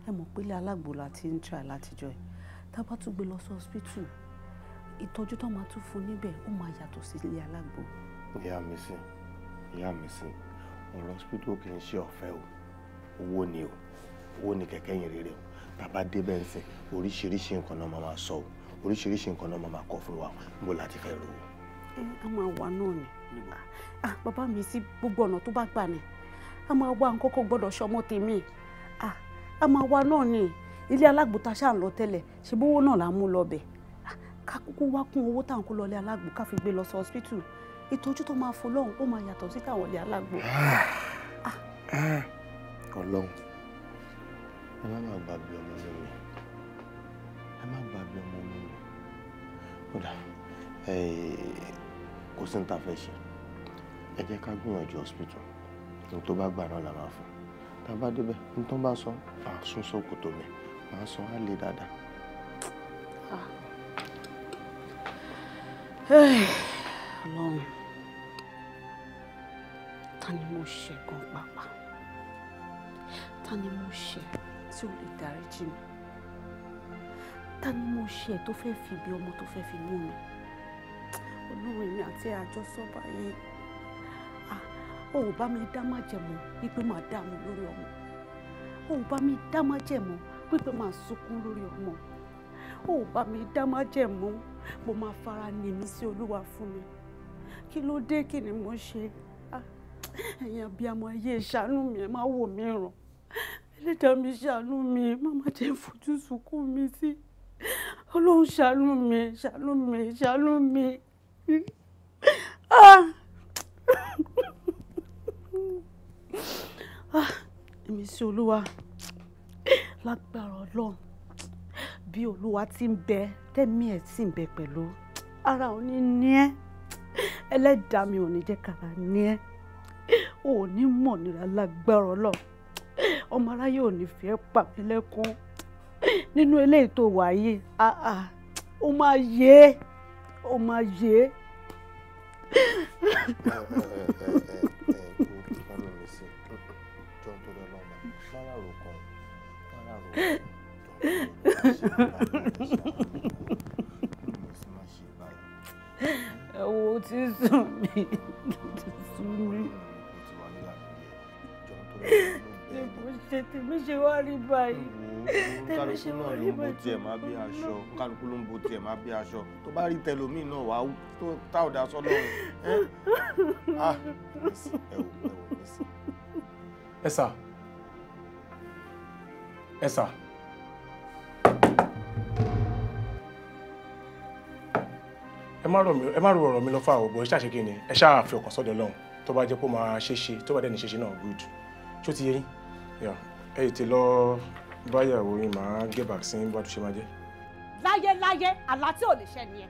ẹ mọ̀ pé ilé alágbo la ti ń try látijọ́ yìí tá a bá tún gbé lọ sí hospital ìtọ́jú tó máa tún fún níbẹ̀ ó máa yàtọ̀ sí ilé alágbo. ìyá mi sí ìyá mi sí ọ̀rọ̀ hospital kì í ṣe ọ̀fẹ́ o owó ni o owó ni kẹ̀kẹ́ yìí rere o tàbá débẹ̀ ń sìn oríṣiríṣi nǹkan náà máa sọ o oríṣiríṣi nǹkan náà máa kọ fún wa níbo láti fẹ́ rò ó a máa wà náà ni bàbá mi sí gbogbo ọ̀nà tó bá gbà ni a máa wá nǹkan kan gbọ́dọ̀ ṣọmọ tèmi a máa wà náà ni ilé alágbó tá a ṣáà lọ tẹ́lẹ̀ ṣe bówó náà là ń mú lọ bẹ̀ ká kúkú wá kún owó tá à ń kó lọlé alágbó ká fi gbé lọ sí hospital ìtọ́jú tó máa fún lọ́hùn ó máa yàtọ̀ sí táwọn ilé alágbó. Ah. ọlọ́run ẹ má má gbàgbé ọmọ lórí ẹ má gbàgbé ọmọ lórí kódà kò sí ní ta fẹ́ ṣe ẹ jẹ́ ká gbìyànjú hospital ní tó bá gbà náà la máa fún tá a bá débẹ̀ ní tó bá sọ àsún sókò tó mi màá sọ á lè dáadáa. ọlọ́run ta ni mo ṣe gan pàápàá ta ni mo ṣe tí ò lè dáríjì mi ta ni mo ṣe tó fẹ́ fi bí ọmọ tó fẹ́ fi mú mi ọlọ́run èmi àti àjọ sọ́ba yìí ò bá mi dá májẹ̀mú wípé màá dààmú lórí ọmọ ò bá mi dá májẹ̀mú wípé màá sunkún lórí ọmọ ò bá mi dá májẹ̀mú mo máa fara nìmí sí olúwa fún mi kí ló dé kí ni mo ṣe ẹ̀yin abiyamọ ayé ìṣàánú mi ẹ má wò mí ràn ẹlẹ́dàá mi ṣàánú mi má má jẹ́ fojú sunkún mi sí ọlọ́run ṣàánú mi ṣàánú mi ṣàánú mi èmi sí olúwa lágbára ọlọ́run bí olúwa ti ń bẹ tẹ́mi ẹ̀ sì ń bẹ pẹ̀lú ara ò ní ní ẹ́ ẹlẹ́dàá mi ò ní jẹ́ kára ní ẹ́ ò ní mọ̀ nira lágbára ọlọ́run ọmọ aráyé ò ní fi ẹ́ pa mí lẹ́kún nínú eléyìí tó wà yìí ó máa yé ó máa ẹ̀wọ̀ ti sùn mí ti sùn mí. tètè mi ṣe wá rí báyìí. kálukú náà ló ń bo tiẹ̀ má bí aṣọ kálukú ló ń bo tiẹ̀ má bí aṣọ tó bá rí tẹlómìn náà wàá tó tá ò dá sọ́dọ̀ ẹ̀ ẹ̀ wò ẹ̀ wò mí sí. ẹ sà ẹ sà. ẹ má rọ ẹ má rọ ọ̀rọ̀ mi lọ fún àwọn ọgbọ ẹ ṣáà ṣe kí ni ẹ ṣáà fi ọkàn sọ́dọ̀ Ọlọ́run tó bá jẹ́ pé ó máa ṣe ṣe tó bá dẹni ṣe ṣe náà good ṣó ti yẹ yín yà ẹ tètè lọ báyàwó yín màá gé vaccine bá tún ṣe máa jẹ. láyéláyé àlá tí ò lè ṣẹ nìyẹn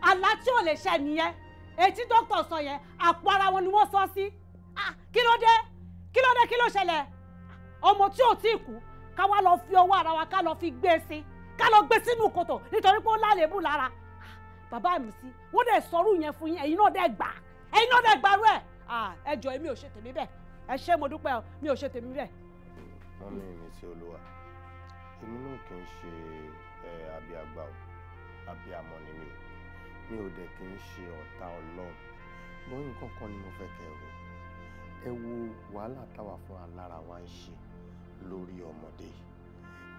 àlá tí ò lè ṣẹ nìyẹn ètí dókítà sọ yẹn àpò ara wọn ni wọ́n sọ sí ah, kí ló dé kí ló dé kí ló ṣẹlẹ̀ ọmọ tí ò tí ì kú ká wá lọ fi ọwọ́ ara wa ká lọ fi gbé e sí ká lọ gbé e sínú kòtò nítorí pé ó lálébù lára ah, bàbá mi sí wọ́n dẹ̀ sọrú yẹn fún yín ẹ̀yin náà dẹ̀ gbà ẹ̀yin náà dẹ̀ gbàrú ẹ̀ ah, ẹjọ́ èmi ò ṣe tèmi bẹ́ẹ̀ ẹ ṣé mo dúpẹ́ o mi ò ṣe tèmi bẹ́ẹ̀. wọ́n mi ní sí olúwa èmi náà kì í ṣe abiagba o abiamọ ni mi o mi ò dẹ̀ kì í ṣe ọ̀tá ọlọ́run bóyá nǹkan kan ni mo fẹ́ kẹ́ rò ẹ wo wàhálà táwa fúnra lára wa ń ṣe lórí ọmọdé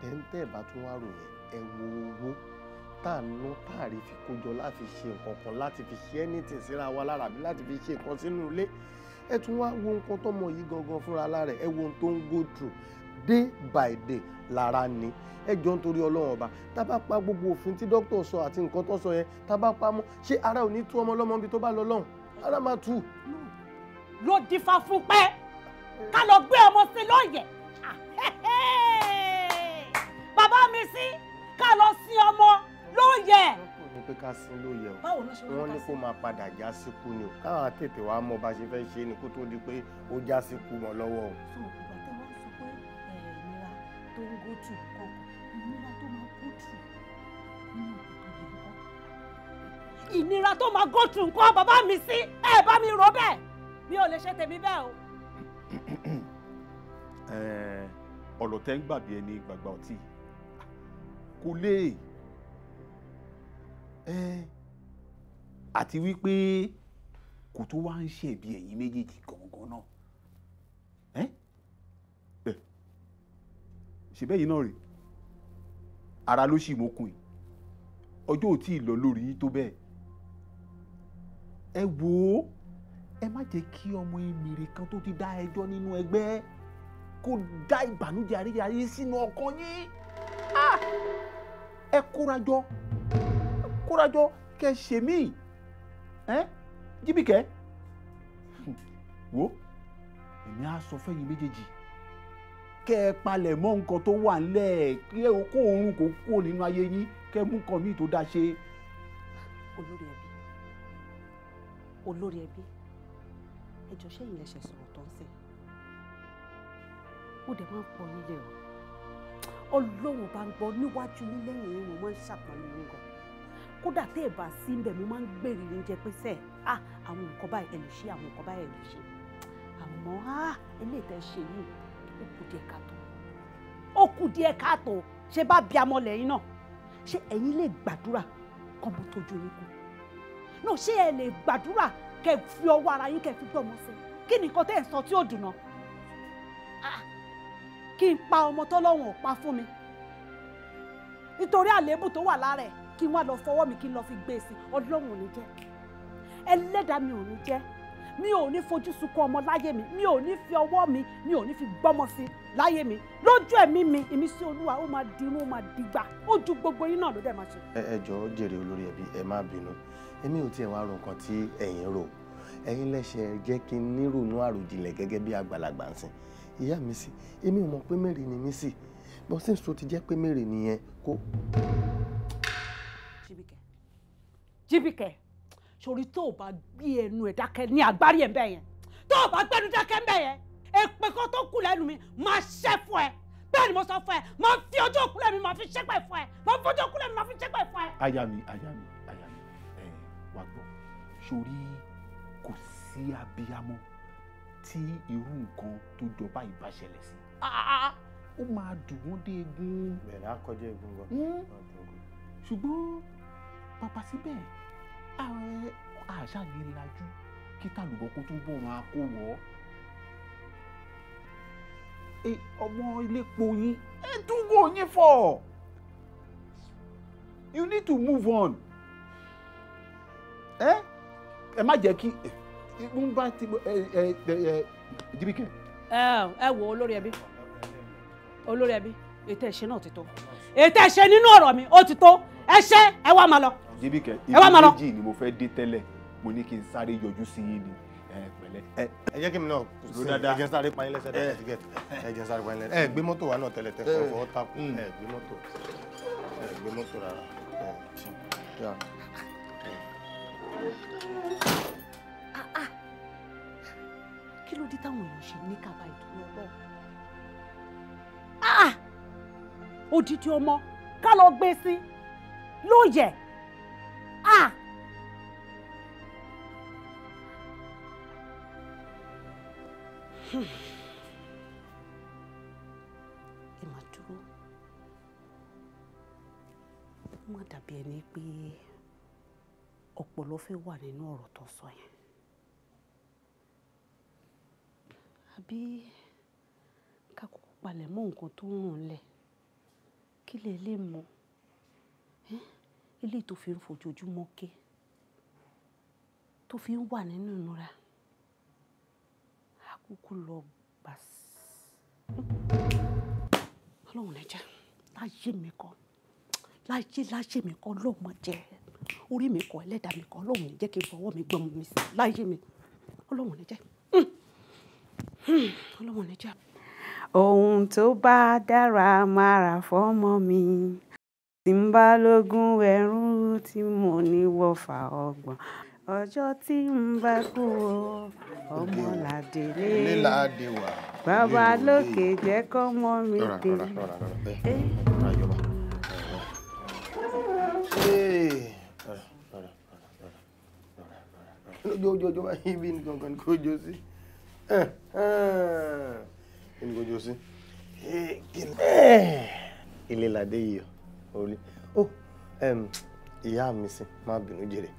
tẹ́ńtẹ́ bá tún wá rò yẹn ẹ wo owó tá à ń ná táàrí fi kójọ láti ṣe nǹkan kan láti fi ṣe anything síra wa lára àbí láti fi ṣe nǹkan sínú ilé ẹ tún wá wo nǹkan tọmọ yìí gangan fúnra lára ẹ wo ohun tó ń go through day by day lára ni ẹ jọ nítorí ọlọ́run ọba tá a bá pa gbogbo òfin tí dókítà sọ àti nǹkan tó sọ yẹn tá a bá pa mọ́ ṣé ara ò ní tú ọmọ ọlọ́mọ ibi tó bá lọ lọ́hùn ara máa tú. ló dífá fún pẹ́ ká lọ gbé ọmọ sí lóòyẹ̀ bàbá mi sí ká lọ sí ọmọ lóòyẹ̀ wò pé ká sin ló yẹ o wọ́n ní kó máa padà já síkú ni o káwa tètè wàá mọ bá ṣe fẹ́ ṣe ni kó tó di pé ó já síkú mọ́ lọ́wọ́ o. so ìgbà tẹ wá sọ pé ìnira tó ń go tù kọ ìnira tó máa go tù ìnira tó máa go tù nǹkan bàbá mi sí ẹ bá mi rò bẹ́ẹ̀ mi ò lè ṣe tèmi bẹ́ẹ̀ o. ọ̀rọ̀ tẹ́ ń gbàgbé ẹni gbàgbà ọtí kò lè àti wípé kò tó wá ń ṣẹ̀bi ẹ̀yin méjèèjì gangan náà ẹ ṣe bẹ́ẹ̀ yìí náà rè ara ló ṣì mokùn yìí ọjọ́ ò tí ì lọ lórí yín tó bẹ́ẹ̀ ẹ wò ó ẹ má jẹ́ kí ọmọ emèrè kan tó ti dá ẹjọ́ nínú ẹgbẹ́ kó dá ìbànújẹ́ àríyáyé sínú ọkàn yín ah! ẹ kórajọ kórajọ kẹ́ ṣe míì ẹ́ jíbìkẹ́ wo èmi á sọ fẹ́yìn méjèèjì kẹ́ ẹ palẹ̀ mọ́ nǹkan tó wà ńlẹ̀ kí ẹ kó oorun kò kúrò nínú ayé yín kẹ́ ẹ mú nǹkan míì tó dáa ṣe. olórí ẹbí olórí ẹbí ẹ jọ ṣé ìyẹn ṣe sọ̀rọ̀ tó ń sìn ó dẹ̀ máa ń pọ̀ nílé o ọlọ́run bá ń gbọ́ níwájú nílẹ̀yìn ìrùn máa ń ṣàpọ̀lẹ̀ yín kódà tẹ́ ẹ̀ bá sí ń bẹ̀ mo máa ń gbèrè oúnjẹ pé sẹ́ ah àwọn nǹkan báyìí ẹ̀ lè ṣe àwọn nǹkan báyìí ẹ̀ lè ṣe àmọ́ ah eléyìí tẹ́ ṣe yìí ó kù díẹ̀ káàtó ó kù díẹ̀ káàtó ṣe bá bí amọ lẹ́yìn náà ṣé ẹ̀yin lè gbàdúrà kọ́ mo tójú yín kù náà ṣé ẹ lè gbàdúrà kẹ́ fi ọwọ́ ara yín kẹ́ fi gbọ́ ọmọ sí kí ni nǹkan tẹ́ ẹ̀ sọ tí ò dùn náà kí n pa ọmọ tọ́lọ́wọ̀n pa fún mi nítorí àléébù kí n wá lọ fọwọ́ mi kí n lọ fi gbé e sí ọlọ́run ní jẹ́ ẹlẹ́dàá mi ò ní jẹ́ mi ò ní fojú sunkún ọmọ láyé mi mi ò ní fi ọwọ́ mi mi ò ní fi gbọ́mọ sí láyé mi lójú ẹ̀mí mi ìmísí olúwa ó máa di irun ó máa di gbà ó ju gbogbo yín náà ló dẹ̀ máa ṣe. ẹ ẹ jọ̀ọ́ jèrè olórí ẹbí ẹ má bínú èmi ò tiẹ̀ wá ro nǹkan tí ẹ̀yin rò ẹ̀yin lẹ́sẹ̀ jẹ́ kí n nírònú àròjinlẹ̀ gẹ́gẹ́ bí àgbàlagbà ń sìn ìyá mi sì èmi ò mọ̀ pé mẹ́rin ni mí sì bọ́sẹ̀ sọ ti jẹ́ pé mẹ́rin nìyẹn kó jíbìkẹ́ sori tó o bá gbé ẹnu ẹ̀ dákẹ́ ní agbárí ẹ̀ ń bẹ̀ yẹn tó o bá gbẹ́nu dákẹ́ ń bẹ̀ yẹn èpè tó kù lẹ́nu mi máa ṣẹ́ fún ẹ bẹ́ẹ̀ ni mo sọ fún ẹ máa fi ojú òkúlẹ̀ mi máa fi ṣẹ́pẹ̀ fún ẹ máa fi ojú òkúlẹ̀ mi máa fi ṣẹ́pẹ̀ fún ẹ. aya mi aya mi aya mi ẹ wá gbọ́ sori kò sí abiyamọ tí irú nǹkan tó jọba ìbá ṣẹlẹ̀ sí ah, ah, ah. ó máa dùn wọ́n dé egun. bẹ̀rẹ̀ akọjá hmm. egun ṣùgbọ́n pàpà síbẹ̀ àṣà ní lajú kí tàlùbọ̀ kó tó bọ̀ máa kó wọ̀ ọ́ ọmọ iléepo yín ẹ dúró yín fọ́ you need to move on ẹ ẹ má jẹ́ kí n bá ti ẹ ẹ ẹ wo olórí ẹbí olórí ẹbí ètò ẹ̀ṣẹ̀ náà ti tó ètò ẹ̀ṣẹ̀ nínú ọ̀rọ̀ mi ó ti tó ẹ̀ṣẹ̀ ẹ wá máa lọ. Jíbìkẹ́ ibi méjì ni mo fẹ́ dé tẹ́lẹ̀ mo ní kí n sáré yọjú sí yín ni pẹ̀lẹ́. ẹ jẹ́ kí mi náà ro dáadáa ẹ jẹ́ sáré pa yín lẹ́sẹ̀ dáadáa ti gẹ̀t ẹ jẹ́ sáré pa yín lẹ́sẹ̀. ẹ gbé mọ́tò wa náà tẹ́lẹ̀ tẹ́ fọ́ fọ́ ta mm. ẹ gbé mọ́tò ẹ gbé mọ́tò rárá ẹ ṣe. Ah, ah. kí ló dé táwọn èèyàn ṣe ní kaba ìdúró ọgbọ́n ah, odidi ọmọ ká lọ gbé sí ló Ah! Hmm. ẹ máa dúró ó má dàbí ẹni pé ọpọlọ fẹ́ wà nínú ọ̀rọ̀ tó sọ yẹn àbí ká kúkú eléyìí tó fi ń fojoojúmọ́ ké tó fi ń wà nínú ìnura àkókò lọ gbà ọlọ́run lẹ́jà láyé mi kọ́ láyé láyé mi kọ́ lọ́mọ jẹ́ orí mi kọ́ ẹlẹ́dàá mi kọ́ ọlọ́run jẹ́ kí n fọwọ́ mi gbọ́n mi sí láyé mi ọlọ́run lẹ́jà ọlọ́run lẹ́jà. ohun tó bá dára máa fọ́mọ mi. Tí n bá lógún ẹrú tí mo ní wọ̀fà ọgbọ̀n. Ọjọ́ tí n bá kú o, ọmọládé lé. Baba lókè jẹ́ kọ́mọ mi dé. Jó jó jó báyìí bí jó sí. Kí ni kó jó sí? Ilé ládé yìí o òrùlé ó oh, ìyá mi sì má bínú jèrè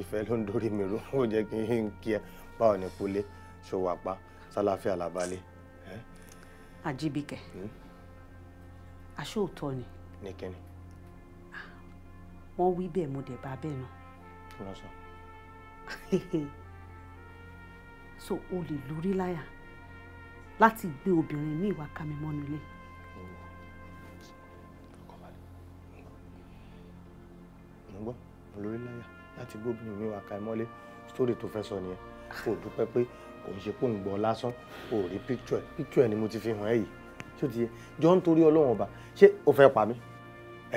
ìfẹ́ ló ń dorí mi rú ó jẹ́ kí n kí ẹ báwo ni kulé ṣòwò àpá sálàáfíà làbálẹ̀. àjíbíkẹ́ hmm? aṣóòótọ́ ni. ní kíni. wọ́n wí bẹ́ẹ̀ mo dẹ̀ bá bẹ́ẹ̀ náà. kí ló sọ. so o lè lórí láyà láti gbé obìnrin ní ìwà kàmímọ́nulẹ̀. mo gbọ́ mo lórí láyà láti gbóbìnrin mi wà ká ẹ mọ́lé sítórì tó fẹ́ sọ nìyẹn kò dúpẹ́ pé òun ṣe pò ń gbọ́ lásán kò rí píkṣọ̀ ẹ̀ píkṣọ̀ ẹ̀ ni mo ti fi hàn ẹ́ yìí tí ó ti yẹ jọ ń torí ọlọ́run ọba ṣé o fẹ́ pa mí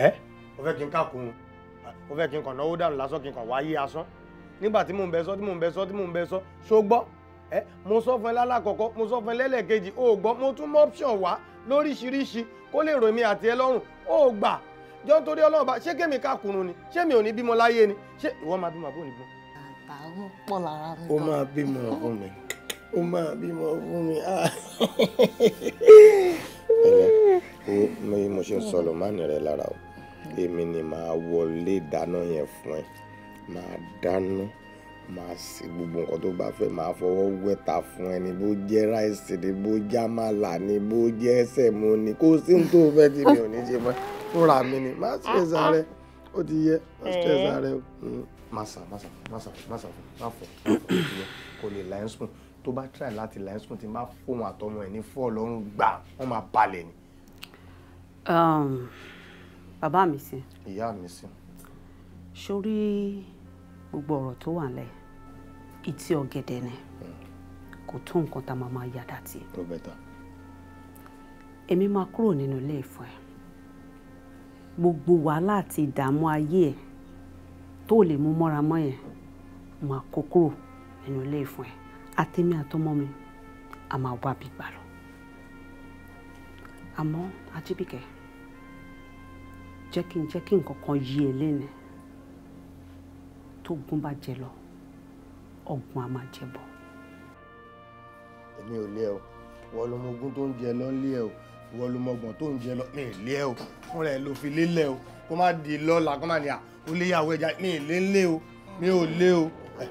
ẹ́ o fẹ́ kí n kákun o fẹ́ kí n kàn náwó dànù lásán kí n kàn wáyé asán nígbà tí mò ń bẹ sọ tí mò ń bẹ sọ tí mò ń bẹ sọ ṣó gbọ́ ẹ mo sọ fún ẹ lálàkọ̀kọ́ mo sọ fún ẹ lẹ́lẹ̀kejì o gbọ́ mo tún mọ́ option wá lóríṣiríṣi kó lè rò mí àti ẹ lọ́rùn o gbà jọ ń torí ọlọ́run bá ṣé kémi ká kùnrùn ni ṣé mi ò ní bímọ láyé ni ṣé ìwọ máa bímọ àbó nìbọn. bàbá ó lára mi. ó máa bímọ fún mi ó máa bímọ fún mi. Ah. mo ṣe ń sọ lòmánì rẹ lára o èmi ni màá wọlé dáná yẹn fún ẹ màá dáná máa ṣe gbogbo nǹkan tó bá fẹ́ máa fọwọ́ wẹ̀ta fún ẹni bó jẹ́ ráìsì ni bó jẹ́ àmàlà ni bó jẹ́ ẹsẹ̀ mo ni kó sí ní tó fẹ́ tí mi ò ní ṣe fún fúnra mi ni má stress ààrẹ ó ti yẹ má stress ààrẹ eh. o. Hmm, má sà má sà má sà má sà fún má fọ kò lè láì sùn tó bá try láti láì sùn tí má fóun àtọmọ ẹ ní fọ́ ọlọ́run gbà wọ́n máa balẹ̀ ni. Um, bàbá mi sí. ìyá mi sí. sórí gbogbo ọ̀rọ̀ tó wà lẹ́yìn ìtì ọ̀gẹ̀dẹ̀ ni kò tó nǹkan tá a máa máa yá dàtí. èmi máa kúrò nínú ilé ìfọ ẹ gbogbo wàhálà àti ìdààmú ayé ẹ tó lè mú mọ́ra mọ́ yẹn máa kó kúrò nínú ilé ìfọ ẹ àtẹ̀mí àtọmọ mi a máa wá bí gbà lọ. àmọ́ Ajíbíkẹ́ jẹ́ kí n jẹ́ kí nǹkan kan yí ẹ lẹ́nu tó gún bá jẹ lọ ọ̀gbun àmàjẹbọ. èmi ò lé ẹ o wọ́n ló mọ ogún tó ń jẹ lọ lé ẹ o wọ́n ló mọ ọgbọ̀n tó ń jẹ lọ mi ì lé ẹ o fúnra ẹ ló fi lélẹ̀ o kó má di lọ́la kó má ní à ó lé ìyàwó ẹja mi ì lé lé o mi ò lé o. Ah,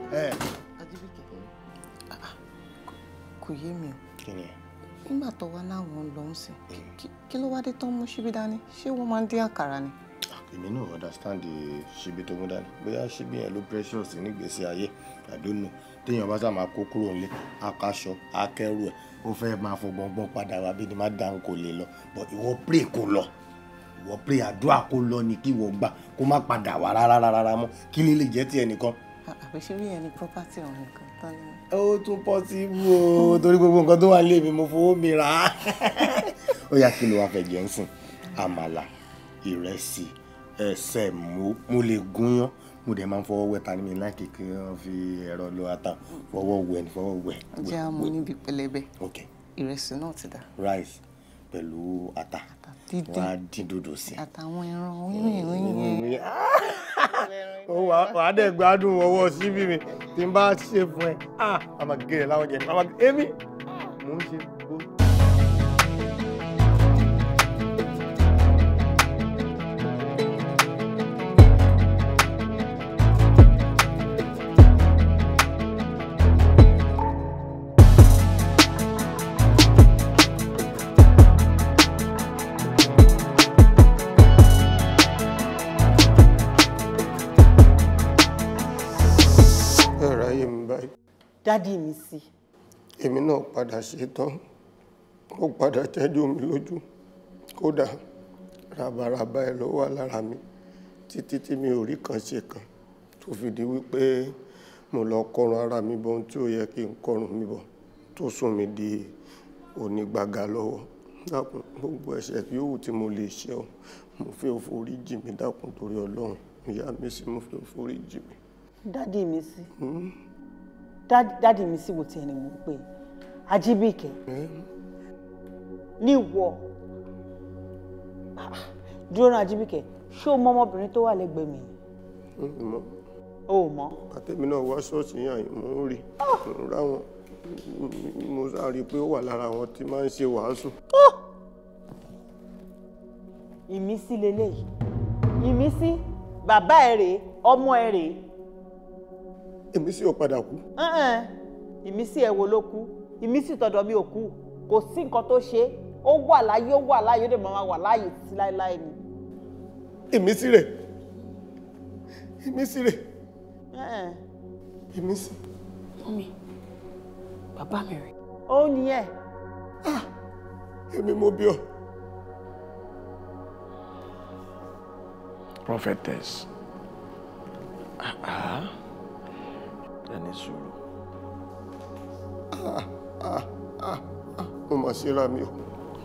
ah. kò yé mi o nígbà tó wá láwọn lọ ń sìn kí ló wá dé tán mú síbi dání ṣé wọ́n máa ń dín àkàrà ni èmi náà understand ṣíbí tó mú dání bóyá ṣíbí yẹn ló precious nígbèsè ayé I don't know téèyàn bá sá máa kó kúrò nílé akaṣọ akẹrù ẹ ó fẹ́ máa fọgbọ́ngbọ́n padà wá bí ni má dáhùn kò lè lọ but ìwọ pray kó lọ ìwọ pray àdúrà kó lọ ni kí ìwọ gbà kó má padà wá rárá rárá mọ́ kí ni lè jẹ́ tiẹ̀ nìkan. àpèṣe rí ẹni property ọ̀hún nìkan tán ni. ó tún possible o torí gbogbo nǹkan tó wà nílé mi mo fowó mi rà á. ó yá kí ló wàá fẹ́ jẹ́ ń àmàlà ìrẹsì ẹsẹ̀ mo lè gúnyán mo dẹ̀ máa ń fọwọ́ wẹ̀ mi láì kékeré wọn fi ẹ̀rọ lo ata fọwọ́ wẹ̀ ni fọwọ́ wẹ̀. jẹ́ àmú níbi pẹlẹbẹ ìrẹsì náà ti dà. rice pẹ̀lú ata wọ́n á dín dòdò sí. àtàwọn ẹran oyin mm, mm, mm, ah! wà á dẹ̀ gbádùn ọwọ́ síbí mi tí n bá ṣe fún ẹ ah, a láwọn jẹ èmi mò ń ṣe. dádì mi sí. èmi náà padà ṣetán ó padà tẹ́jú mi lójú kódà rabaraba ẹ̀ ló wà lára mi títí tí mi ò rí kan ṣe kan tó fi di wípé mo lọ kọrun ara mi bọ ohun tí ó yẹ kí n kọrun mi bọ tó sún mi di onígbàgà lọ́wọ́ dákun gbogbo ẹ̀ṣẹ̀ yòówù tí mo lè ṣe ọ mo fẹ́ o forí jì mí dákun torí Ọlọ́run ìyá mi sì mo fẹ́ o forí jì mí. dádì mi sí. Mm-hmm dáàdì mi sì wò tiẹ̀ ni mò ń pè Ajíbíkẹ́ níwọ ah, dúró náà Ajíbíkẹ́ ṣé o mọ ọmọbìnrin tó wà lẹ́gbẹ̀ẹ́ mi. o mọ. àtẹ̀mí náà wá ṣọ́ọ̀ṣì yàn yín mò ń rí mò ń ráwọn mo rí i pé ó wà lára àwọn tí máa ń ṣe wàásù. Ah! ìmísí lélẹ́yìí ìmísí bàbá ẹ̀ rèé ọmọ ẹ̀ rèé ìmísí ò padà kú. ìmísí ẹ wo ló kú ìmísí tọ̀dọ̀ mi ò kú kò sí nǹkan tó ṣe ó wà láyé ó wà láyé ó dẹ̀ máa wà láyé títí láéláé ni. ìmísí rẹ̀ ìmísí rẹ̀ ìmísí. mọ́mí bàbá mi rè. ó ní ẹ. Ah, èmi mo bí ọ. prophetess. Uh -uh ẹni sùúrù. mo mà síra mi o.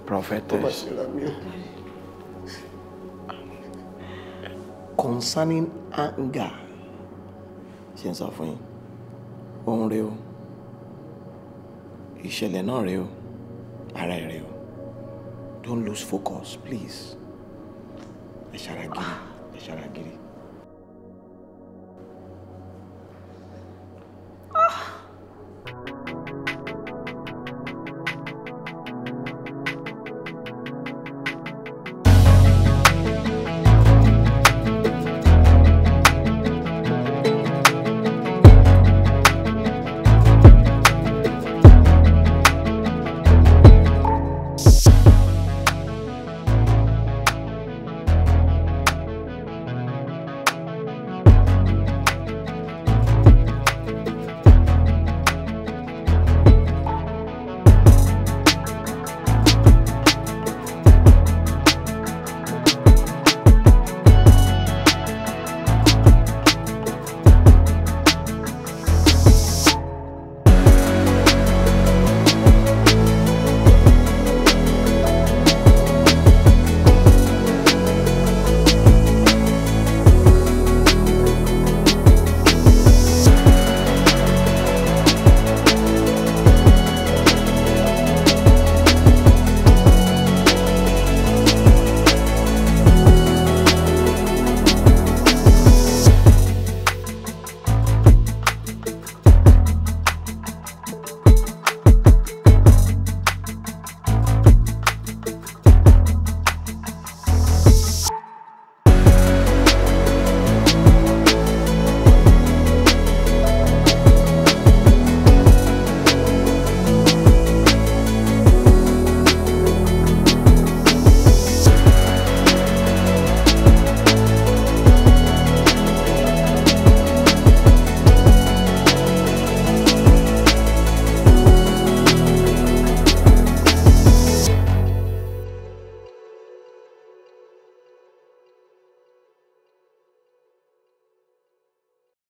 prophetess mo mà síra mi o. concerning anger ṣe ń sọ fún yín ohun rèé o ìṣẹ̀lẹ̀ náà rèé o ara ẹ̀ o don't lose focus please ẹ ṣara gírí ẹ ṣara gírí.